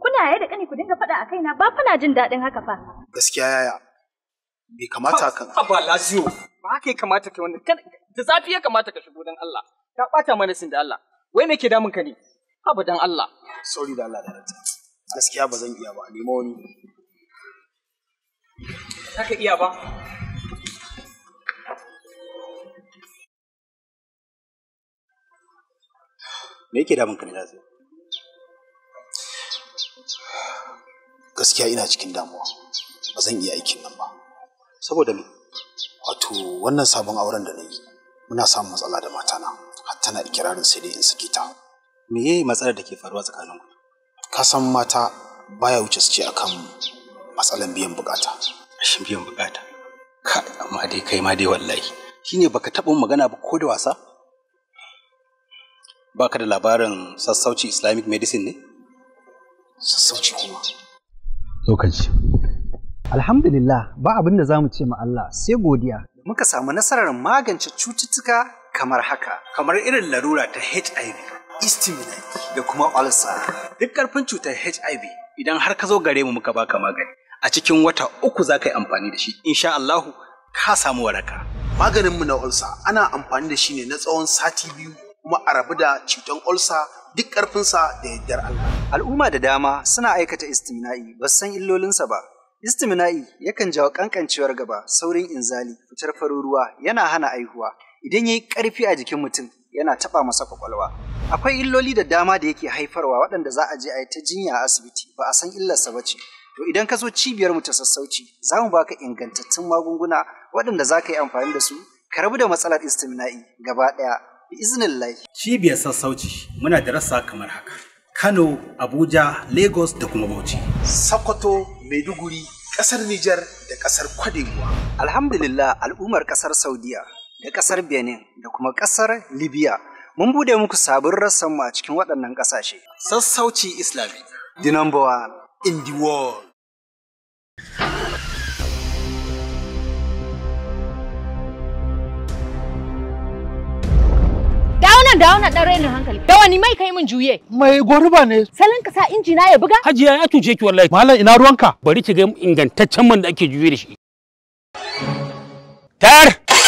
Kuna yaya da ƙani ku dinga faɗa a kaina ba fana jin daɗin haka fa. Gaskiya yaya. Bai kamata ka. ba Lazio. Ba haka ya kamata ka wannan. Da zafi ya kamata ka shigo don Allah. Ka ɓata mana sin da Allah. Wai me ke damun ka ne? Haba dan Allah. Sorry da Allah da rata. Gaskiya ba zan iya ba. Nemo wani. ka iya ba. me yake damun ka ne lafiya gaskiya ina cikin damuwa ba zan iya aikin nan ba saboda me wato wannan sabon auren da na yi muna samun matsala da matana har tana ikirarin sai dai in saki ta me yayi matsalar da ke faruwa tsakanin ku ka san mata baya wuce su ce kan matsalan biyan bukata shin biyan bukata amma dai kai ma dai wallahi shine baka taɓa magana ba ko da wasa baka da labarin sassauci islamic medicine ne sassauci kuma lokaci alhamdulillah ba abin da mu ce ma Allah sai godiya muka samu nasarar magance cututtuka kamar haka kamar irin larura ta HIV istimina da kuma ulcer duk karfin cutar HIV idan har ka zo gare mu muka baka magani a cikin wata uku za ka yi amfani da shi insha Allahu ka samu waraka maganinmu na ulcer ana amfani da shi ne na tsawon sati biyu kuma a rabu da cutar olsa duk ƙarfinsa da yardar Allah. Al'umma da dama suna aikata istimina'i ba san illolinsa ba. Istimina'i yakan jawo ƙanƙancewar gaba, saurin inzali, fitar farin ruwa, yana hana aihuwa. Idan yayi yi ƙarfi a jikin mutum, yana taɓa masa kwakwalwa. Akwai illoli da dama da yake haifarwa waɗanda za a je a yi ta jinya a asibiti ba a san illarsa ba ce. To idan ka zo cibiyar mu ta sassauci, za mu baka ingantattun magunguna waɗanda za ka yi amfani da su, ka rabu da matsalar istimina'i gaba ɗaya bi lai. Cibiyar sassauci muna da rasa kamar haka. Kano, Abuja, Lagos da kuma Bauchi. Sokoto, Maiduguri, ƙasar Nijar da ƙasar Kwadewa. Alhamdulillah al'ummar ƙasar Saudiya da ƙasar Benin da kuma ƙasar Libya mun bude muku sabon rassan a cikin waɗannan ƙasashe. Sassauci Islami. The number one in the world. nan da wannan dan rainin hankali. Da wani mai kai min juye. Mai gurba ne. Salon ka sa injina ya buga? Hajiya ya tuce ki wallahi. Malam ina ruwanka? Bari ki ga ingantaccen man da ake juye da shi. Tayar!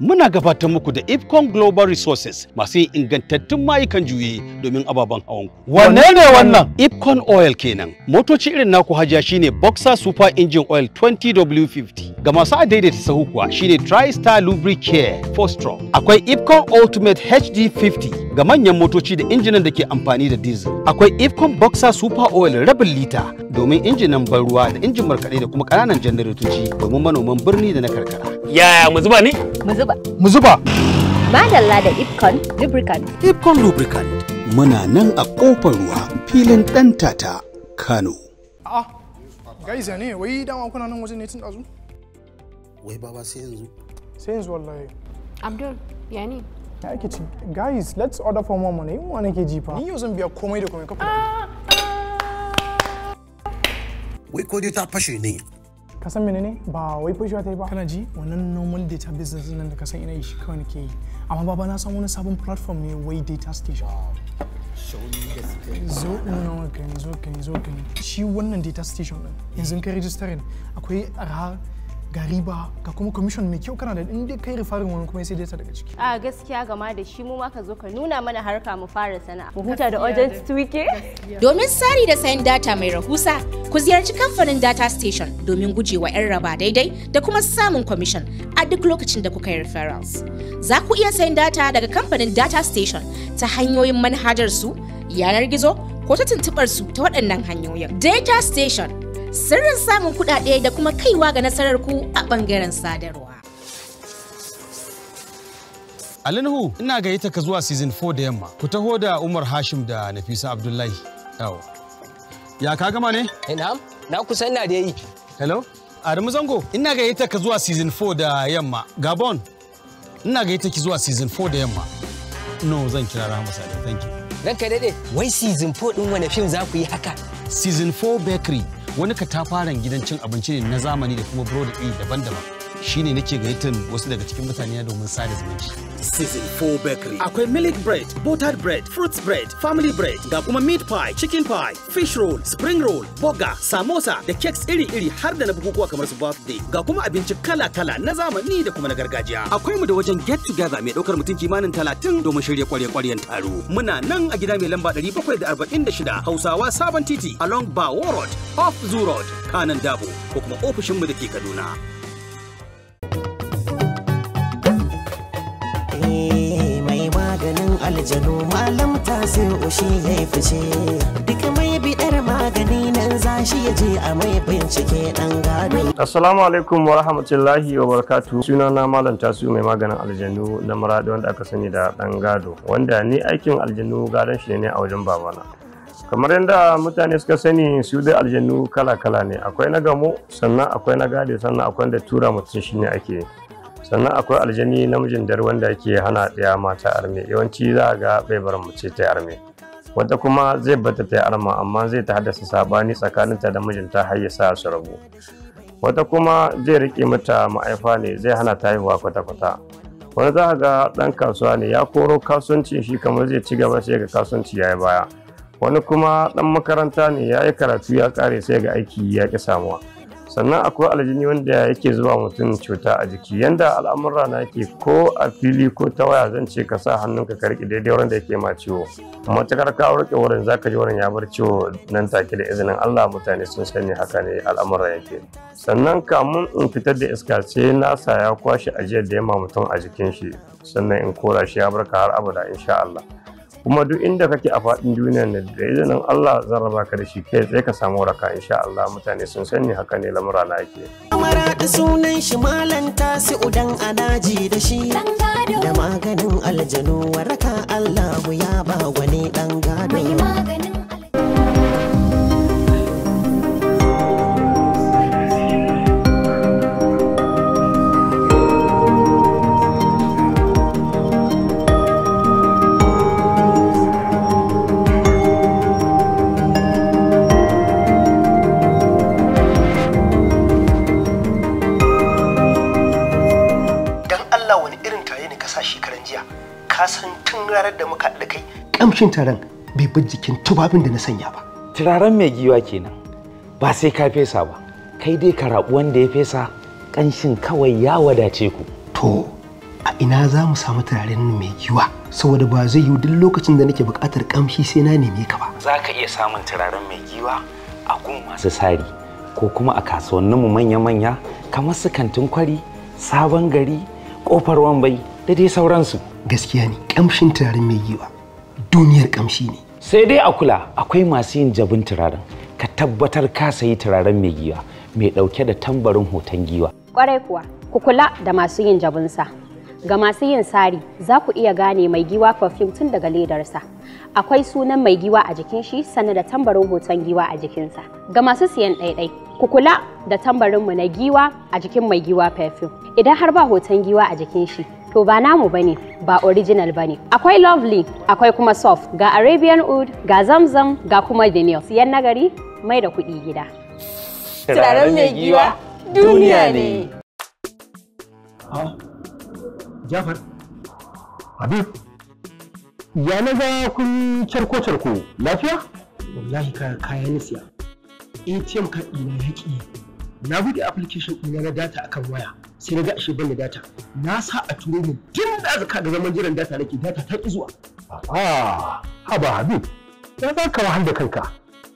muna gabatar muku da Ipcon Global Resources masu yin ingantattun mayukan juye domin ababen hawan. Wanne ne wannan? Ipcon Oil kenan. Motoci irin naku hajiya shine Boxer Super Engine Oil 20W50. Ga masu adaidaita sahu kuwa shine TriStar Lubricare for Stroke. Akwai Ipcon Ultimate HD50 ga manyan motoci da injinan da ke amfani da diesel. Akwai Ipcon Boxer Super Oil rabin lita domin injinan ban ruwa da injin markaɗe da kuma ƙananan janaratoci domin manoman birni da na karkara. Yaya mu zuba ne? Mu zuba. Mu zuba. Madalla da Ipcon Lubricant. Ipcon Lubricant muna nan a ƙofar ruwa filin ɗan tata Kano. A'a, gaisa ne, wai dama kuna nan wajen ne tun ɗazu? Wai baba sai yanzu. Sai yanzu wallahi. Abdul, ya ne? Ya ake ci, guys, let's order for more money, yin wa ke jifa. Ni yau zan biya komai da komai kafa. Wai ko dai ta fashe ne. Kasan san menene ba wai fushewa ta yi ba kana ji wannan normal data business nan da ka san ina yi shi kawai nake yi amma baba na san wani sabon platform ne wai data station zo gani zo gani zo gani shi wannan data station din yanzu ka registering akwai arha ga riba ga kuma commission mai kyau kana da inda kai rifarin wani kuma sai dai daga ciki a gaskiya gama da shi mu ma ka zo ka nuna mana harka mu fara sana'a mu huta da urgent wike eh? domin sari da sayan data mai rahusa ku ziyarci kamfanin data station domin gujewa yan raba daidai da kuma samun commission a duk lokacin da kuka yi referrals za ku iya sayan data daga kamfanin data station ta hanyoyin manhajar su yanar gizo ko ta tuntubar su ta waɗannan hanyoyin data station sirrin samun kuɗaɗe da kuma kaiwa ga nasarar ku a ɓangaren sadarwa. Nuhu ina gayyata ka zuwa season 4 da yamma. Ku taho da Umar Hashim da Nafisa Abdullahi. Yawa. Ya ka gama ne? Na'am, na kusa na da yi. Hello? Adamu Zango, ina gayyata ka zuwa season 4 da yamma. Gabon, ina gayyata ki zuwa season 4 da yamma. No, zan kira Rahama Sadiq, thank you. Ranka daɗe, wai season 4 ɗin wane fim za ku yi haka? Season 4 Bakery wani katafaren gidan cin abinci ne na zamani da kuma burodi iri daban-daban shine nake gayyatar wasu daga cikin mutane domin sada zumunci. Season 4 Bakery. Akwai milk bread, buttered bread, fruits bread, family bread, ga kuma meat pie, chicken pie, fish roll, spring roll, burger, samosa da cakes iri-iri har da na bukukuwa kamar su birthday. Ga kuma abinci kala-kala na zamani da kuma na gargajiya. Akwai mu da wajen get together mai ɗaukar mutum kimanin talatin domin shirya kwarye-kwaryen taro. Muna nan a gida mai lamba ɗari da da arba'in 746 Hausawa Sabon Titi along Bawo Road, off Zoo Road, Kanan Dabo ko kuma ofishin mu da ke Kaduna. mai maganin aljanu malam tasir ushi ya yi fice duk mai bidar magani nan za shi ya je a mai bincike dan gado assalamu alaikum wa rahmatullahi wa barakatuh suna na malam tasu mai maganin aljanu na muradi wanda aka sani da dan gado wanda ni aikin aljanu gadon shi ne a wajen babana kamar yadda mutane suka sani su dai aljanu kala-kala ne akwai na gamo sannan akwai na gade sannan akwai da tura mutum shine ake sannan akwai aljani namijin dar wanda yake hana ɗaya mata arme yawanci za a ga bai bar mace ta arme wata kuma zai bata ta arma amma zai ta haddasa sabani tsakanin ta da mijinta har ya sa su rabu wata kuma zai riƙe mata ma'aifa ne zai hana ta haihuwa kwata-kwata wani za a ga ɗan kasuwa ne ya koro kasuwanci shi kamar zai ci gaba sai ga kasuwanci ya yi baya wani kuma ɗan makaranta ne ya yi karatu ya ƙare sai ga aiki ya ƙi samuwa sannan akwai aljini wanda yake zuba mutum cuta a jiki yanda al'amura na yake ko a fili ko ta waya zan ce ka sa hannunka ka riƙe daidai wurin da yake ma ciwo matakar ka riƙe wurin zaka ji wurin ya bar ciwo nan take da izinin Allah mutane sun sani haka ne al'amura yake sannan kamun in fitar da iska sai na sa ya kwashe ajiyar da ya ma mutum a jikin shi sannan in kora shi ya barka har abada insha Allah kuma duk inda kake a faɗin duniyar da da izinin Allah zan raba ka da shi kai tsaye ka samu waraka insha Allah mutane sun sani haka ne lamura na yake kamar da sunan shi malan tasi udan anaji da shi da maganin aljanu waraka Allah ya ba wani dan gado mai maganin kasan san tun ranar da muka da kai kamshin taron bai bar jikin tubabin da na sanya ba turaren mai giwa kenan ba sai ka fesa ba kai dai ka rabu wanda ya fesa kanshin kawai ya wadace ku to a ina za mu samu turaren mai giwa saboda ba zai yi duk lokacin da nake buƙatar kamshi sai na neme ka ba za ka iya samun turaren mai giwa a gun masu sari ko kuma a mu manya-manya kamar su kantin kwari sabon gari ƙofar wambai da dai sauransu gaskiya ne kamshin turaren mai duniyar kamshi ne sai dai a kula akwai masu yin jabin turaren ka tabbatar ka sayi turaren mai giwa mai dauke da tambarin hoton giwa kwarai kuwa ku kula da masu yin jabinsa ga masu yin sari za ku iya gane mai giwa perfume tun daga ledarsa akwai sunan mai giwa a jikin shi sannan da tambarin hoton giwa a jikinsa ga masu siyan ɗaiɗai ku kula da tambarinmu na giwa a jikin mai giwa perfume idan har ba hoton giwa a jikin shi to ba namu bane ba original bane akwai lovely akwai kuma soft ga arabian wood ga zamzam ga kuma denil siyan nagari mai da kuɗi gida turaren mai giwa duniya ne jafar habib ya na za kun charko charko lafiya wallahi ka kayan siya atm card ɗina ya na buɗe application ɗina na data akan waya sai na ga ashe ban da data na sa a turo mu tun da zaka da zaman jiran data nake data ta ki zuwa a'a haba habib ya za ka wahal da kanka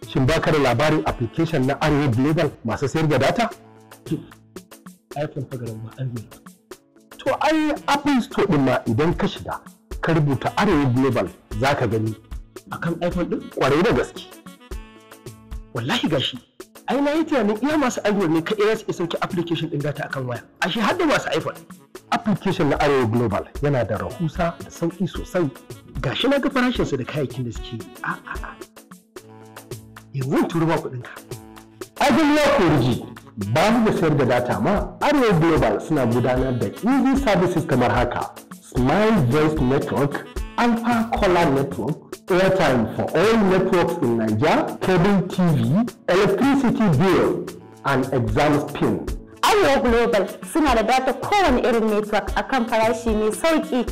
shin ba ka da labarin application na arewa global masu sayar da data iphone fa garin ma to ai apple store din ma idan ka shiga ka rubuta arewa global za ka gani akan iphone din kwarai da gaske wallahi gashi ai na iya masu android ne ka iya su sauke application din data akan waya ashe har da masu iphone application na arewa global yana da rahusa da sauki sosai Ga shi na ga su da kayayyakin da suke a a a yanzu turu ba kuɗin ka abin ya koriji ba da sayar da data ma arewa global suna gudanar da easy services kamar haka smile voice network alpha collar network airtime for all networks in Nigeria, cable TV, electricity bill, and exam pin. Arewa Global suna da data kowane irin network kan farashi mai sauƙi.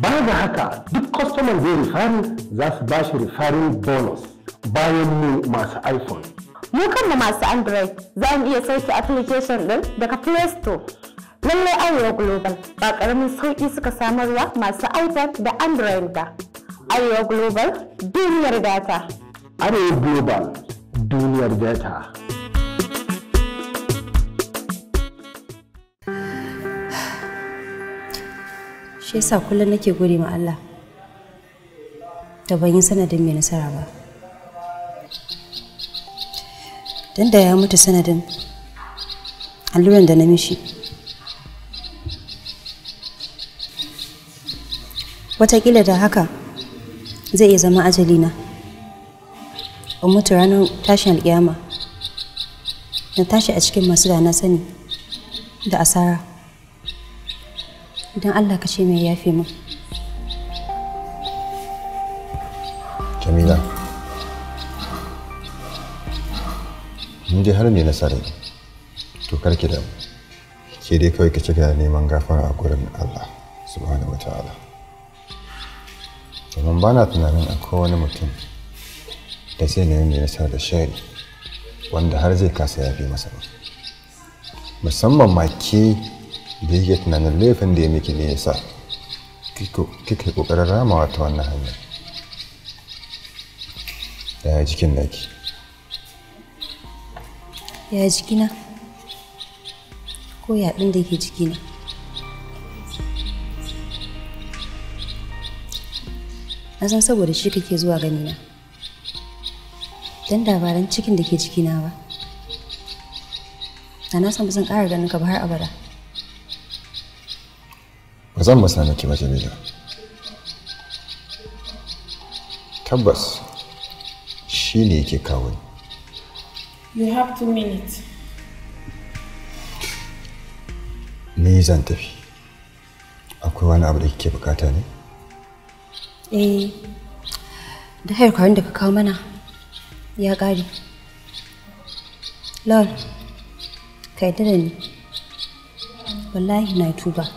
Ba ga haka duk kwastoman zai rifarin za su ba shi rifarin bonus bayan mu masu iPhone. Mu kanmu masu Android za mu iya sauke application ɗin daga Play Store. Lallai Arewa Global ba ƙaramin sauƙi suka samarwa masu iPhone da Android ba. Arewa Global duniyar data. Arewa Global duniyar data. Shi yasa kullum nake gode ma Allah da ban yi sanadin mai nasara ba. Dan da ya mutu sanadin alluran da na mishi. Wataƙila da haka. zai iya zama ajali na in mutu ranar tashin alƙiyama na tashi a cikin masu da na sani da asara idan Allah ka ce mai yafe mu Jamila in dai har ne na sare to karki da ke dai kawai ka cika neman gafara a gurin Allah subhanahu wa ta'ala domin ba na tunanin akwai wani mutum da zai nemi mai nasara da shari wanda har zai kasa yafi masa ba musamman ma ke da yake tunanin laifin da ya miki ne ya sa kika kokarin ramawa ta wannan hanya yaya jikin naki ya jikina ko yaɗin da ke jikina na san saboda shi kake zuwa ganina don dabaran cikin da ke cikina ba da na san ba zan ƙara ganin ka ba har abada ba zan masa miki ba jamila tabbas shi ne yake kawo ni you have two minutes ni zan tafi akwai wani abu da kike bukata ne eh da hayar kwayoyin da ka kawo mana ya ƙare lol ka da ni wallahi na tuba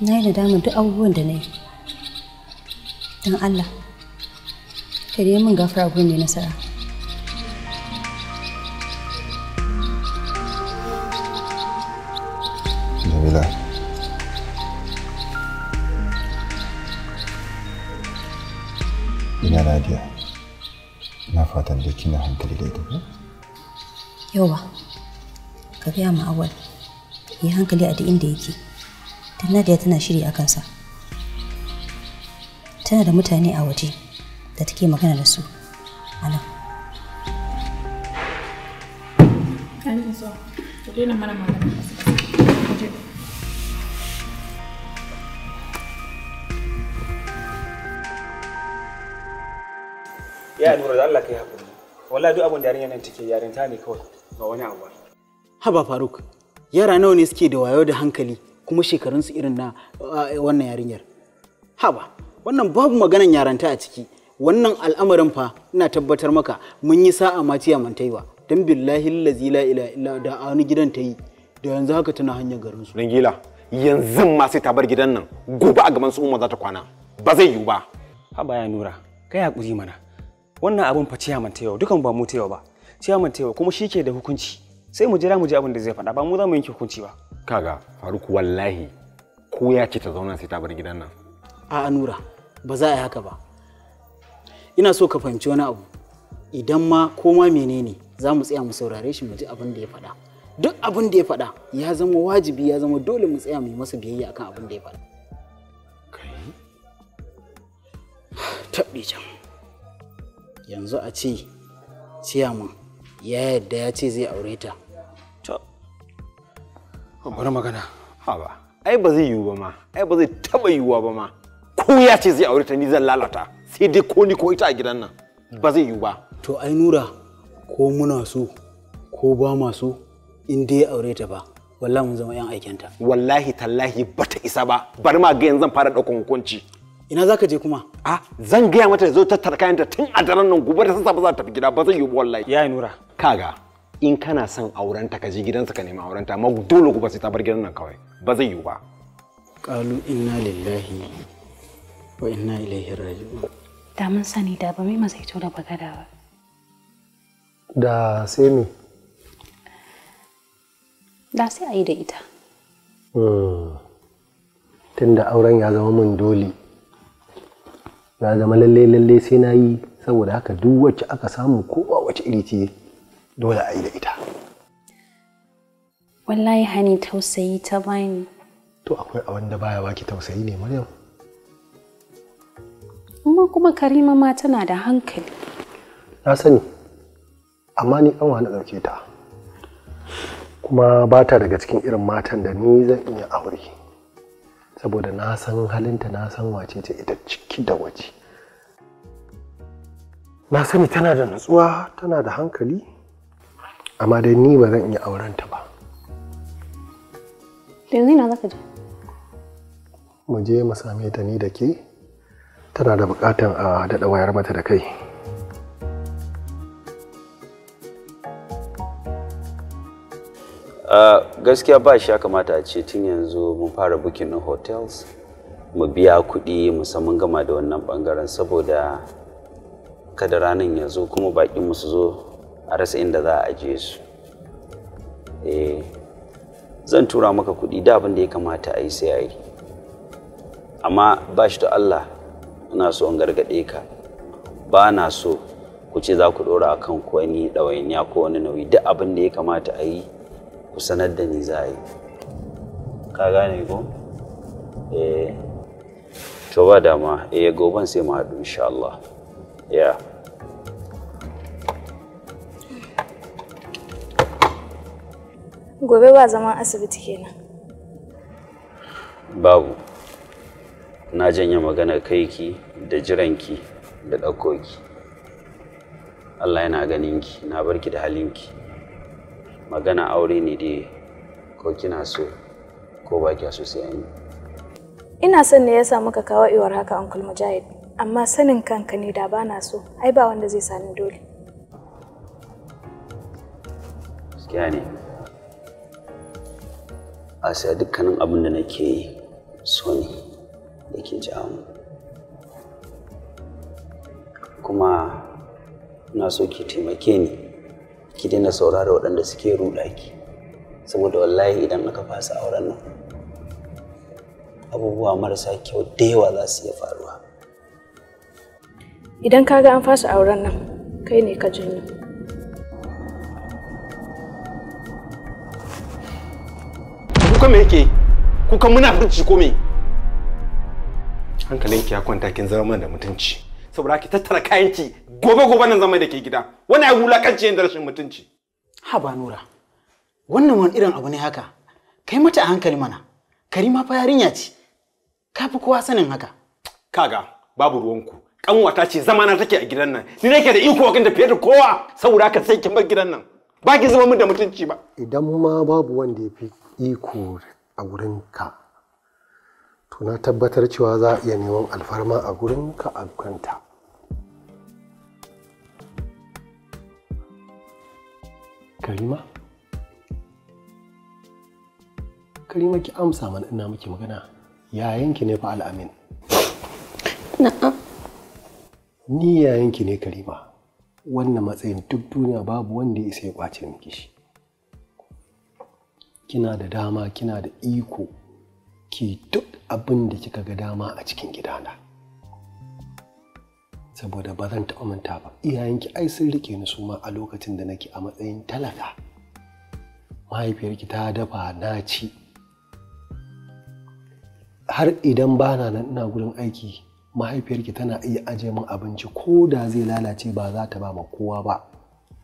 na yi nadama duk abubuwan da na yi don allah ka nemi min gafara gurin nasara Yawa, ka gaya ma awal, yi hankali a duk inda yake. Nadiya tana shiri a kansa. Tana da mutane a waje da take magana da su a Ya nura da Allah kai haƙuri. Wallahi duk abin da yarinya nan take yarinta ne kawai. ga wani abu haba faruk yara nawa ne suke da wayo da hankali kuma shekarunsu irin na eh, wannan yarinyar haba wannan babu maganan yaranta a ciki wannan al'amarin fa ina tabbatar maka mun yi sa'a ma ciya mantaiwa dan billahi allazi la ilaha illa da wani gidan ta yi da yanzu haka tana hanyar garin su gila yanzu ma sai ta bar gidan nan gobe a gaban su umma za ta kwana ba zai yiwu ba haba ya nura kai hakuri mana wannan abun fa ciya mantaiwa dukan ba mu taiwa ba mu taiwa kuma shi ke da hukunci sai mu jira mu ji abin da zai faɗa ba mu za mu yanke hukunci ba kaga faruku wallahi ko ya ce ta zauna sai ta bar gidan nan a nura ba za a yi haka ba ina so ka fahimci wani abu idan ma ko koma menene za mu tsaya mu saurare shi mu ji abin da ya faɗa duk abin da ya faɗa ya zama wajibi ya zama dole mu tsaya mu yi masa biyayya akan abin da ya faɗa taɓe can yanzu a ce ciyaman ya yadda ya ce zai aure ta to bari magana ha ai ba zai yiwu ba ma ai ba zai taba yiwuwa ba ma ko ya ce zai aure ta ni zan lalata sai dai ko ni ko ita a gidan nan ba zai yiwu ba to ai nura ko muna so ko ba ma so in dai aure ta ba wallahi mun zama yan aikinta wallahi tallahi bata isa ba bari ma ga yanzu zan fara ɗaukar hukunci ina za ka je kuma a zan gaya mata zo tattara kayanta tun a daren nan gobe da sassafe za ta tafi gida ba zai yi wallahi ya nura kaga in kana son aurenta ka je gidansa ka nemi aurenta amma dole gobe sai ta bar gidan nan kawai ba zai yi ba qalu inna lillahi wa inna ilaihi raji'un da mun sani da ba mai to da bagada ba da sai me da sai a yi da ita hmm. tunda auren ya zama mun dole ya zama lalle lalle sai na yi saboda haka duk wacce aka samu ko ba wacce iri ce dole a yi da ita wallahi hani tausayi ta bani to akwai a wanda baya baki tausayi ne maryam amma kuma karima ma tana da hankali na sani amma ni an wani ɗauke ta kuma ba ta daga cikin irin matan da ni zan iya aure saboda na san halinta na san wace ce ita ciki da waje na sani tana da nutsuwa tana da hankali amma dai ni ba zan iya aurenta ba yanzu ina za je mu je mu same ta ni da ke tana da bukatan a daɗa wayar mata da kai gaskiya ba shi ya kamata a ce tun yanzu mun fara bukin na hotels mu biya kuɗi musamman gama da wannan bangaren saboda kada ranar ya kuma baƙin su zo a rasa inda za a ajiye su eh zan tura maka kuɗi da abinda ya kamata a yi sai a yi amma ba shi da allah ina so in gargaɗe ka ba na so ku ce za ku ɗora a kan wani ɗawainiya ko wani nauyi duk abin da ya kamata a yi ku sanar da ni za a yi ka gane ko eh to ba dama eh goban sai mu haɗu insha Allah ya gobe ba zaman asibiti kenan babu na janye magana kaiki da jiranki da ɗaukoki Allah yana ganin ki, na barki da halinki magana aure ne dai ko kina so ko ba kya so sai an yi ina son ne ya sa muka kawo iwar haka uncle mujahid amma sanin kanka ne da ba na so ai ba wanda zai sani dole gaskiya ne a sai dukkanin abin da nake yi so ne da ke kuma na so ki taimake ni ki daina saurara waɗanda suke ruɗa ki saboda wallahi idan aka fasa auren nan abubuwa marasa kyau da yawa za su iya faruwa idan ka ga an fasa auren nan kai ne ka janyo kuka me yake kuka muna furci ko hankalinki ya kwanta kin zama da mutunci saboda ki tattara kayanci gobe gobe nan zama da ke gida wani abu wulakanci yin rashin mutunci ha ba nura wannan wani irin abu ne haka kai mata a hankali mana karima fa yarinya ce ka fi kowa sanin haka kaga babu ruwanku kanwata ce zamana take a gidan nan ni ke da iko kan da fiye da kowa saboda ka sai kin bar gidan nan ba ki zama mun da mutunci ba idan ma babu wanda ya fi iko a ka. to na tabbatar cewa za a iya neman alfarma a gurin ka a kanta karima karima ki amsa mana ina miki magana ki ne fa al'amin na'am ni ki ne karima wannan matsayin duk duniya babu wanda ya isa ya kwace miki shi kina da dama kina da iko Ke duk abin da kika ga dama a cikin gidana saboda ba zan taɓa manta ba iyayenki ai sun rike ni suma a lokacin da nake a matsayin talaka mahaifiyarki ta dafa na ci har idan ba na nan ina gurin aiki mahaifiyarki tana iya aje min abinci ko da zai lalace ba za ta ba ma kowa ba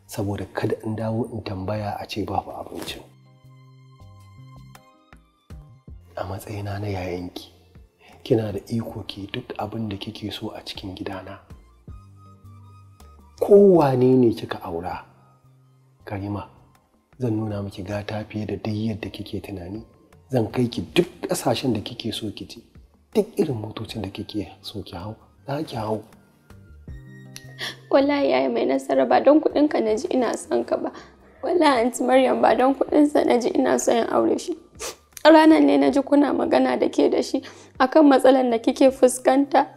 saboda kada in dawo in tambaya a ce babu abincin a matsayina na yayanki kina da iko ki duk abin da kike so a cikin gidana kowane ne kika aura karima zan nuna miki gata fiye da duk yadda kike tunani zan kai ki duk ƙasashen da kike so ki ci duk irin motocin da kike so ki hau za ki hau wallahi yayi mai nasara ba don kuɗinka na ji ina son ka ba wallahi anti maryam ba don kuɗinsa na ji ina son in aure shi ranar ne na ji kuna magana da ke da shi akan matsalar da kike fuskanta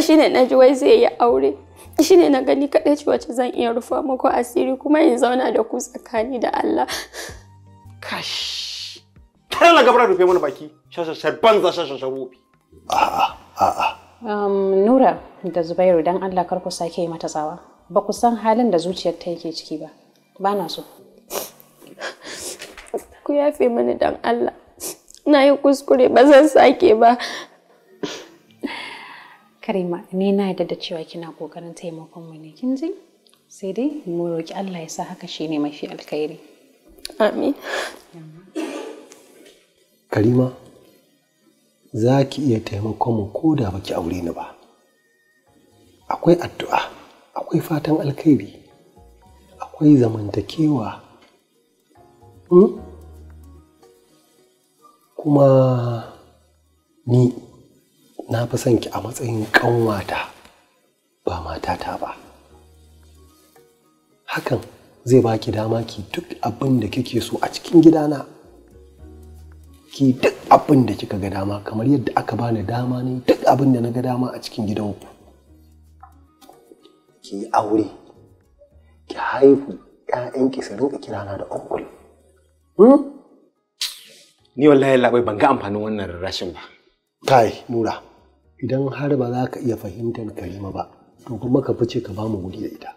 shine na ji wai zai yi aure shine na gani kaɗai ce wacce zan iya rufa muku asiri kuma in zauna da ku tsakani da Allah kash na gabar rufe mana baki shashashar banza shashashar um, Nura da Zubairu don Allah kar ku sake yi mata tsawa ba ku san halin da zuciyar ta yake ciki ba ba na so ku yafe mini dan Allah na yi kuskure ba zan sake ba Karima ni na yadda da cewa kina kokarin taimakon mu ne kin ji sai dai mu roki Allah ya sa haka shine mafi alkhairi amin Karima za ki iya taimakon mu ko da baki aure ni ba akwai addu'a akwai fatan alkhairi akwai zamantakewa hmm? kuma ni na fi son ki a matsayin ƙanwata ba matata ba hakan zai ba ki dama ki duk abin da kike so a cikin gidana ki duk abin da kika ga dama kamar yadda aka bani dama ne duk abin da na ga dama a cikin gidanku ki yi aure ki haihu 'ya'yanki su rinka kirana da onkul Ni wallahi labai ban ga amfanin wannan rashin ba. Kai, Nura, idan har ba za ka iya fahimtar Karima ba, to kuma ka fice ka ba mu wuri da ita.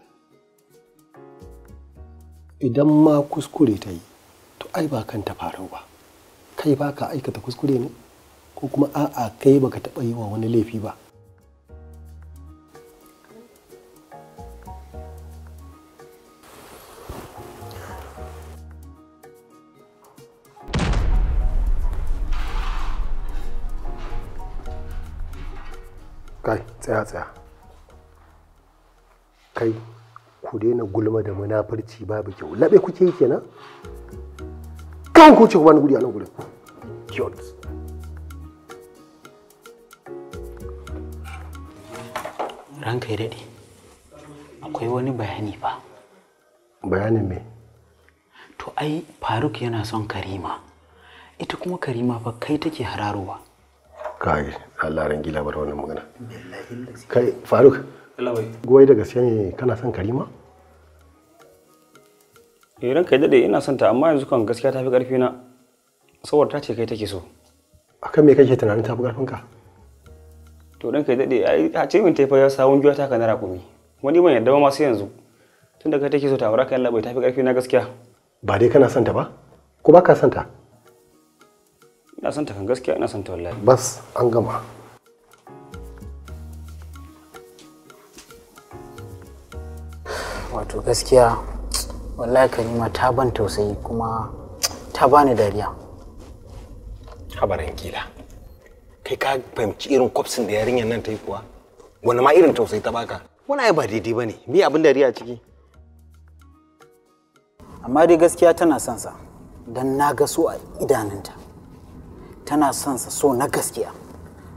Idan ma kuskure ta yi, to ai ba kanta farau ba. Kai ba ka aikata kuskure ne? Ko kuma a'a kai ba ka taɓa yi wa wani laifi ba. tsaya tsaya kai ku daina gulma da munafurci babu kyau labe kuke yi kenan kan ku ce wani guri a nan gurin kyot ranka ya daɗe akwai wani bayani ba bayanin me to ai faruk yana son karima ita kuma karima fa kai take hararowa kai Allah ran gila bar wannan magana kai Faruk Allah bai goyi da gaskiya ne kana son Karima eh ran kai dade ina son ta amma yanzu kan gaskiya tafi karfi na saboda ta ce kai take so akan me kake tunanin tafi karfin ka to ran kai dade ai a ce min tafi ya sawun giwa ta kana rakumi wani ban yadda ba ma sai yanzu tunda kai take so ta aure kan Allah bai tafi karfi na gaskiya ba dai kana son ta ba ko baka son ta ina son ta kan gaskiya ina son ta wallahi bas an gama wato gaskiya wallahi karima ta ban tausayi kuma ta bani dariya habarin kila kai ka fahimci irin kwafsin da yarinyar nan ta yi kuwa wani ma irin tausayi ta baka wani ai ba daidai ba ne me abin dariya ciki amma dai gaskiya tana son sa don na ga su a idanunta tana son sa so na gaskiya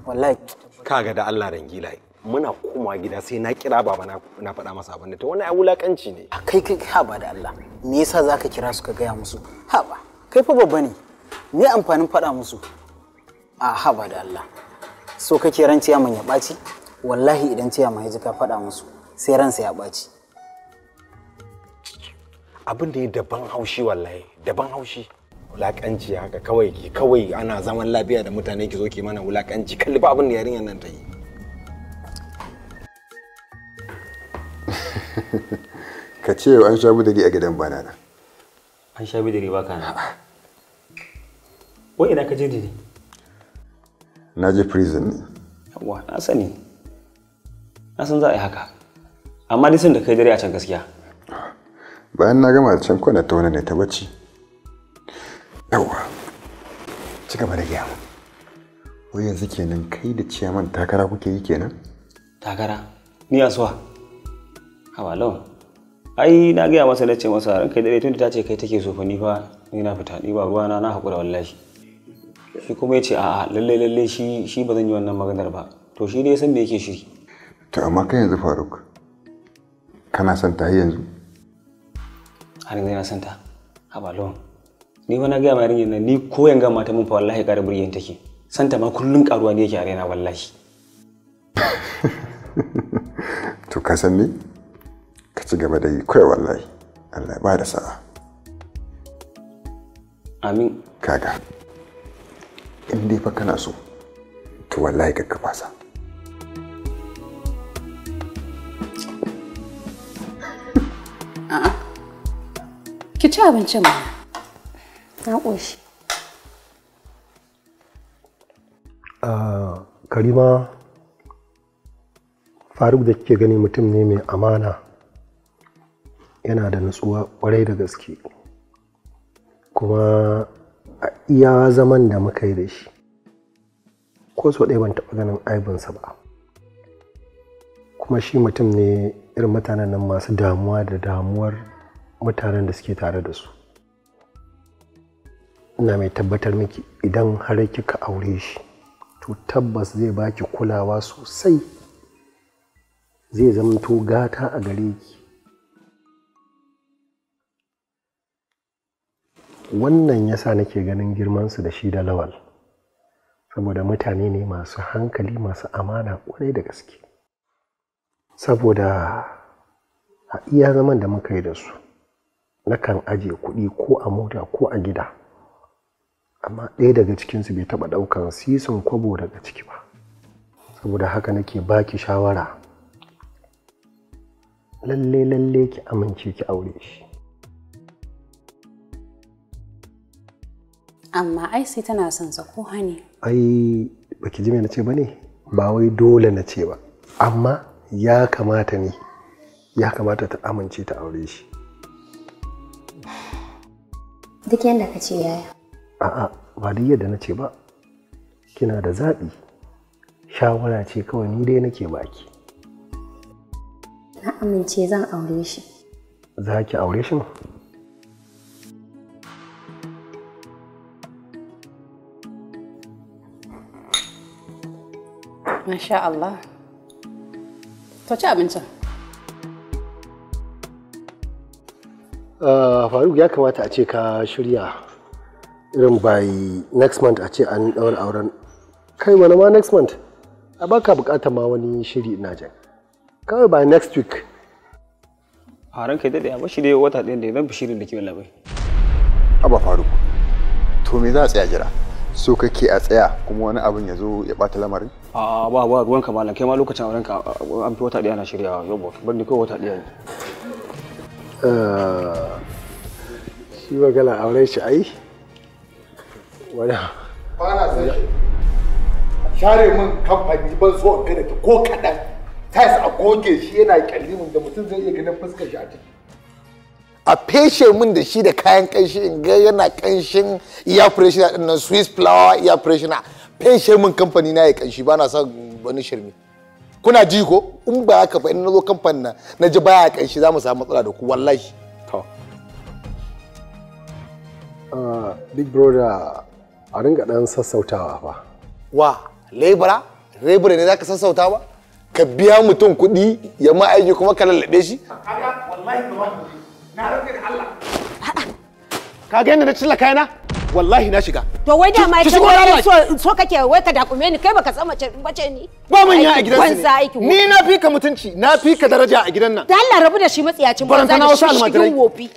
wallahi kaga da Allah rangila muna komawa gida sai na kira baba na na faɗa masa abin da to wannan ai wulakanci ne kai kai ba da Allah me yasa zaka kira su ka gaya musu ba kai fa babba ne me amfanin faɗa musu a ba da Allah so kake ran mun ya ɓaci wallahi idan ciyaman ya ji ka faɗa musu sai ransa ya ɓaci abin da ya daban haushi wallahi daban haushi wulakanci haka kawai kawai ana zaman lafiya da mutane ki zo ki mana wulakanci kalli ba abin da yarinyar nan ta yi ka ce an sha bidiri a gidan bana na an sha bidiri ba kana wai ina ka je ne na je prison ne yawa na sani na san za a yi haka amma nisan da kai dare a can gaskiya bayan na gama da can kwana ta wani ne ta bacci Yauwa, ci gaba da gaya wai yanzu kenan kai da ciyaman takara kuke yi kenan takara ni asuwa hawa lawan ai na gaya masa na ce masa ran kai dare tunda ta ce kai take so fa ni fa ni na fita ni ba ruwa na na hakura wallahi shi kuma ya ce a'a lalle lalle shi shi ba zan yi wannan maganar ba to shi dai san me yake shiri to amma kai yanzu Faruk kana son ta yanzu har yanzu na son ta haba ni wani gaya mai yarinyar nan ni ko yanga mata mun fa wallahi ƙara burgen take santa ma kullum karuwa ne yake a raina wallahi to ka san ni ka ci gaba da yi kai wallahi Allah ya bada sa'a amin kaga in dai fa kana so to wallahi ka kafa sa ki ci abincin ma na ƙoshi ah, karima faruk da kike gani mutum ne mai amana yana da nutsuwa ƙwarai da gaske kuma a iya zaman da muka yi da shi ko so ɗaya ban taɓa ganin aibinsa ba kuma shi mutum ne irin mutanen nan masu damuwa da damuwar mutanen da suke tare da su ina mai tabbatar miki idan har kika aure shi to tabbas zai baki kulawa sosai zai zamto gata a gare ki wannan yasa nake ganin girmansu da shi da lawal saboda mutane ne masu hankali masu amana kwarai da gaske saboda a iya zaman da muka yi da su nakan ajiye kuɗi ko a mota ko a gida amma ɗaya daga cikinsu bai taɓa ɗaukan sisin kwabo daga ciki ba saboda haka nake baki shawara lalle lalle ki amince ki aure shi amma ai sai tana son sa ko hani ai baki ji me nace ne ba wai dole na ce ba amma ya kamata ne ya kamata ta amince ta aure shi duk yadda ka ce yaya a'a ba da yadda na ce ba kina da zaɓi shawara ce kawai ni dai nake baki na amince zan aure shi za ki aure shi Masha Allah. To ci abincin. Ah, Faruk ya kamata a ce ka shirya irin by next month a ce an daura auren kai wani ma next month a baka bukata ma wani shiri ina jan kawai by next week a ranka daɗe a bashi dai wata ɗaya da zan fi shirin da ke labai Aba faru to me za a tsaya jira so kake a tsaya kuma wani abin ya zo ya bata lamarin? A ba ba ruwan ka malam kai ma lokacin auren ka an fi wata ɗaya na shirya yau ba ban kai wata ɗaya ne. Eh, shi gala auren shi ai ba a goge shi da shi feshe min da shi da kayan kanshi in ga yana kanshin iya freshina na nan swiss flower iya na feshe min kamfani na ya kanshi ba na son wani shirme kuna ji ko in ba haka ba in na zo kamfanin na na ji baya kanshi za mu samu matsala da ku wallahi to uh, big brother a ringa dan sassautawa ba. wa lebura lebura ne zaka sassauta ba ka biya mutum kuɗi ya ma aiki kuma ka lallabe shi kaga wallahi na rufe da Allah kaga yadda na cilla kayana wallahi na shiga to wai da mai kai so so kake wai ka dakume ni kai baka san mace bace ni ba mun ya a gidan ne ni na fi ka mutunci na fi ka daraja a gidan nan da Allah rabu da shi matsiyacin banza shi shi wofi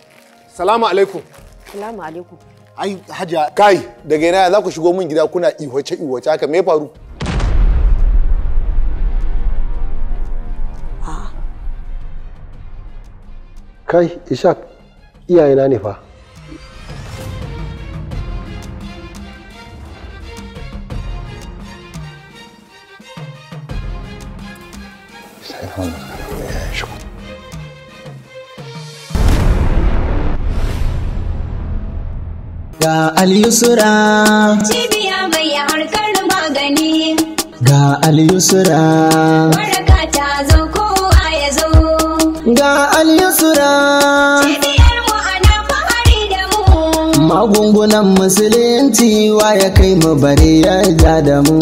salamu alaikum salamu alaikum ai haja kai daga yana za ku shigo min gida kuna iwace iwace haka me faru ah. kai ishak iyayena ne fa Thank you. Ga Al-Yusra. Cibiya mai harkar magani. Ga Al-Yusra. Waraka ta zo a ya zo. Ga Al-Yusra. Cibiyar mu ana fahari da mu. Magungunan musulunci wa ya kai mu bare ya ja da mu.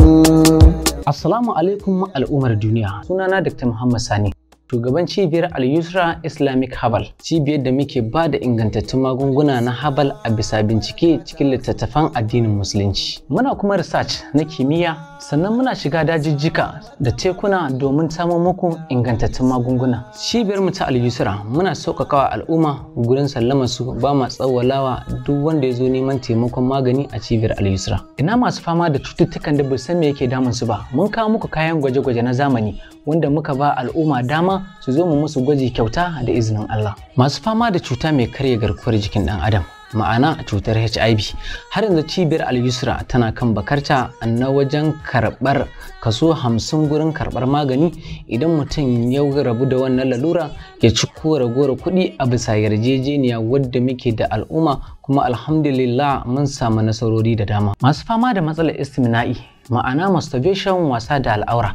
Assalamu alaikum al'ummar duniya. Sunana Dr. Muhammad Sani. shugaban cibiyar al-yusra islamic habal cibiyar da muke ba da ingantattun magunguna na habal a bisa bincike cikin littattafan addinin musulunci muna kuma research na kimiyya sannan muna shiga dajijjika da tekuna domin samo muku ingantattun magunguna cibiyar mu ta al-yusra muna sauƙaƙawa al'umma gurin sallama su ba ma tsawalawa duk wanda ya zo neman taimakon magani a cibiyar al-yusra ina masu fama da cututtukan da bai san me yake damun su ba mun kawo muku kayan gwaje-gwaje na zamani wanda muka ba al'umma dama su zo mu musu gwaji kyauta da izinin Allah. Masu fama da cuta mai karya garkuwar jikin ɗan Adam ma'ana cutar HIV har yanzu cibiyar al-yusra tana kan bakarta na wajen karɓar kaso hamsin gurin karɓar magani idan mutum ya rabu da wannan lalura ya ci ko ragowar kuɗi a bisa yarjejeniya wadda muke da al'umma kuma alhamdulillah mun samu nasarori da dama masu fama da matsalar istimina'i ma'ana masturbation wasa da al'aura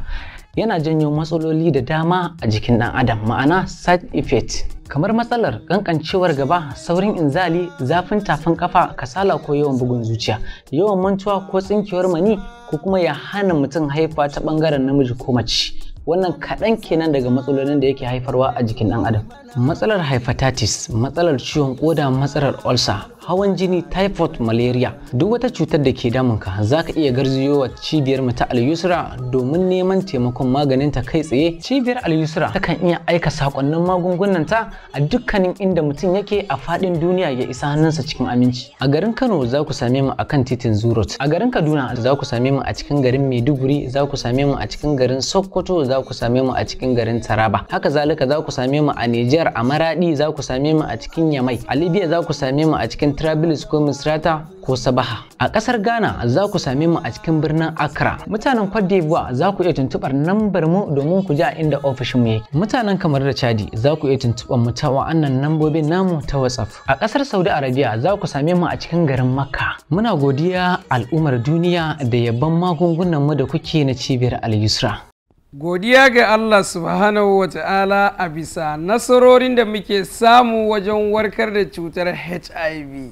yana janyo matsaloli da dama a jikin ɗan adam ma'ana side effect kamar matsalar kankancewar gaba saurin inzali zafin tafin kafa kasala ko yawan bugun zuciya yawan mantuwa ko tsinkewar mani ko kuma ya hana mutum haifa ta ɓangaren namiji ko mace wannan kaɗan kenan daga matsalolin da yake haifarwa a jikin ɗan adam matsalar hepatitis matsalar ciwon koda matsalar ulcer hawan jini typhoid malaria duk wata cutar da ke damun ka za ka iya garziyowa cibiyar mu ta al-yusra domin neman taimakon maganin ta kai tsaye cibiyar al-yusra ta kan iya aika sakonnin magungunan ta a dukkanin inda mutum yake a fadin duniya ya isa hannunsa cikin aminci a garin kano za ku same mu akan titin zurot a garin kaduna za ku same mu a cikin garin maiduguri za ku same mu a cikin garin sokoto za ku same mu a cikin garin taraba haka zalika za ku same mu a nijar a maradi za ku same mu a cikin yamai a libya za ku same mu a cikin tsakanin ko Misrata ko Sabaha. A ƙasar Ghana za ku same mu a cikin birnin Accra. Mutanen Cote d'Ivoire za ku iya tuntuɓar nambar mu domin ku ji a inda ofishin mu yake. Mutanen kamar da Chadi za ku iya tuntuɓar mu ta wa'annan lambobin namu ta WhatsApp. A ƙasar Saudi Arabia za ku same mu a cikin garin Makka. Muna godiya al'ummar duniya da yabban magungunan mu da kuke na cibiyar Al-Yusra. godiya ga Allah subhanahu wa ta'ala a bisa nasarorin da muke samu wajen warkar da cutar HIV.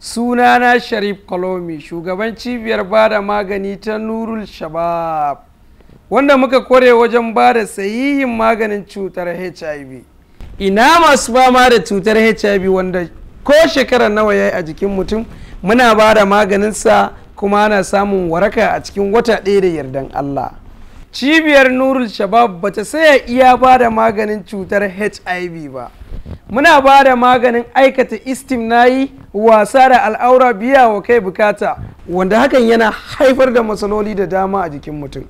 Sunana Sharif Kolomi, shugaban cibiyar ba da magani ta Nurul Shabab, wanda muka kore wajen ba da sahihin maganin cutar HIV. Ina masu fama da cutar HIV wanda ko shekara nawa ya yi a jikin mutum, muna bada maganinsa kuma ana samun waraka a cikin wata ɗaya da yardan Allah. cibiyar nurul shabab ba ta saya iya ba da maganin cutar hiv ba muna ba da maganin aikata istim istimnayi wasa da al'aura biya wa kai bukata wanda hakan yana haifar da matsaloli da dama a jikin mutum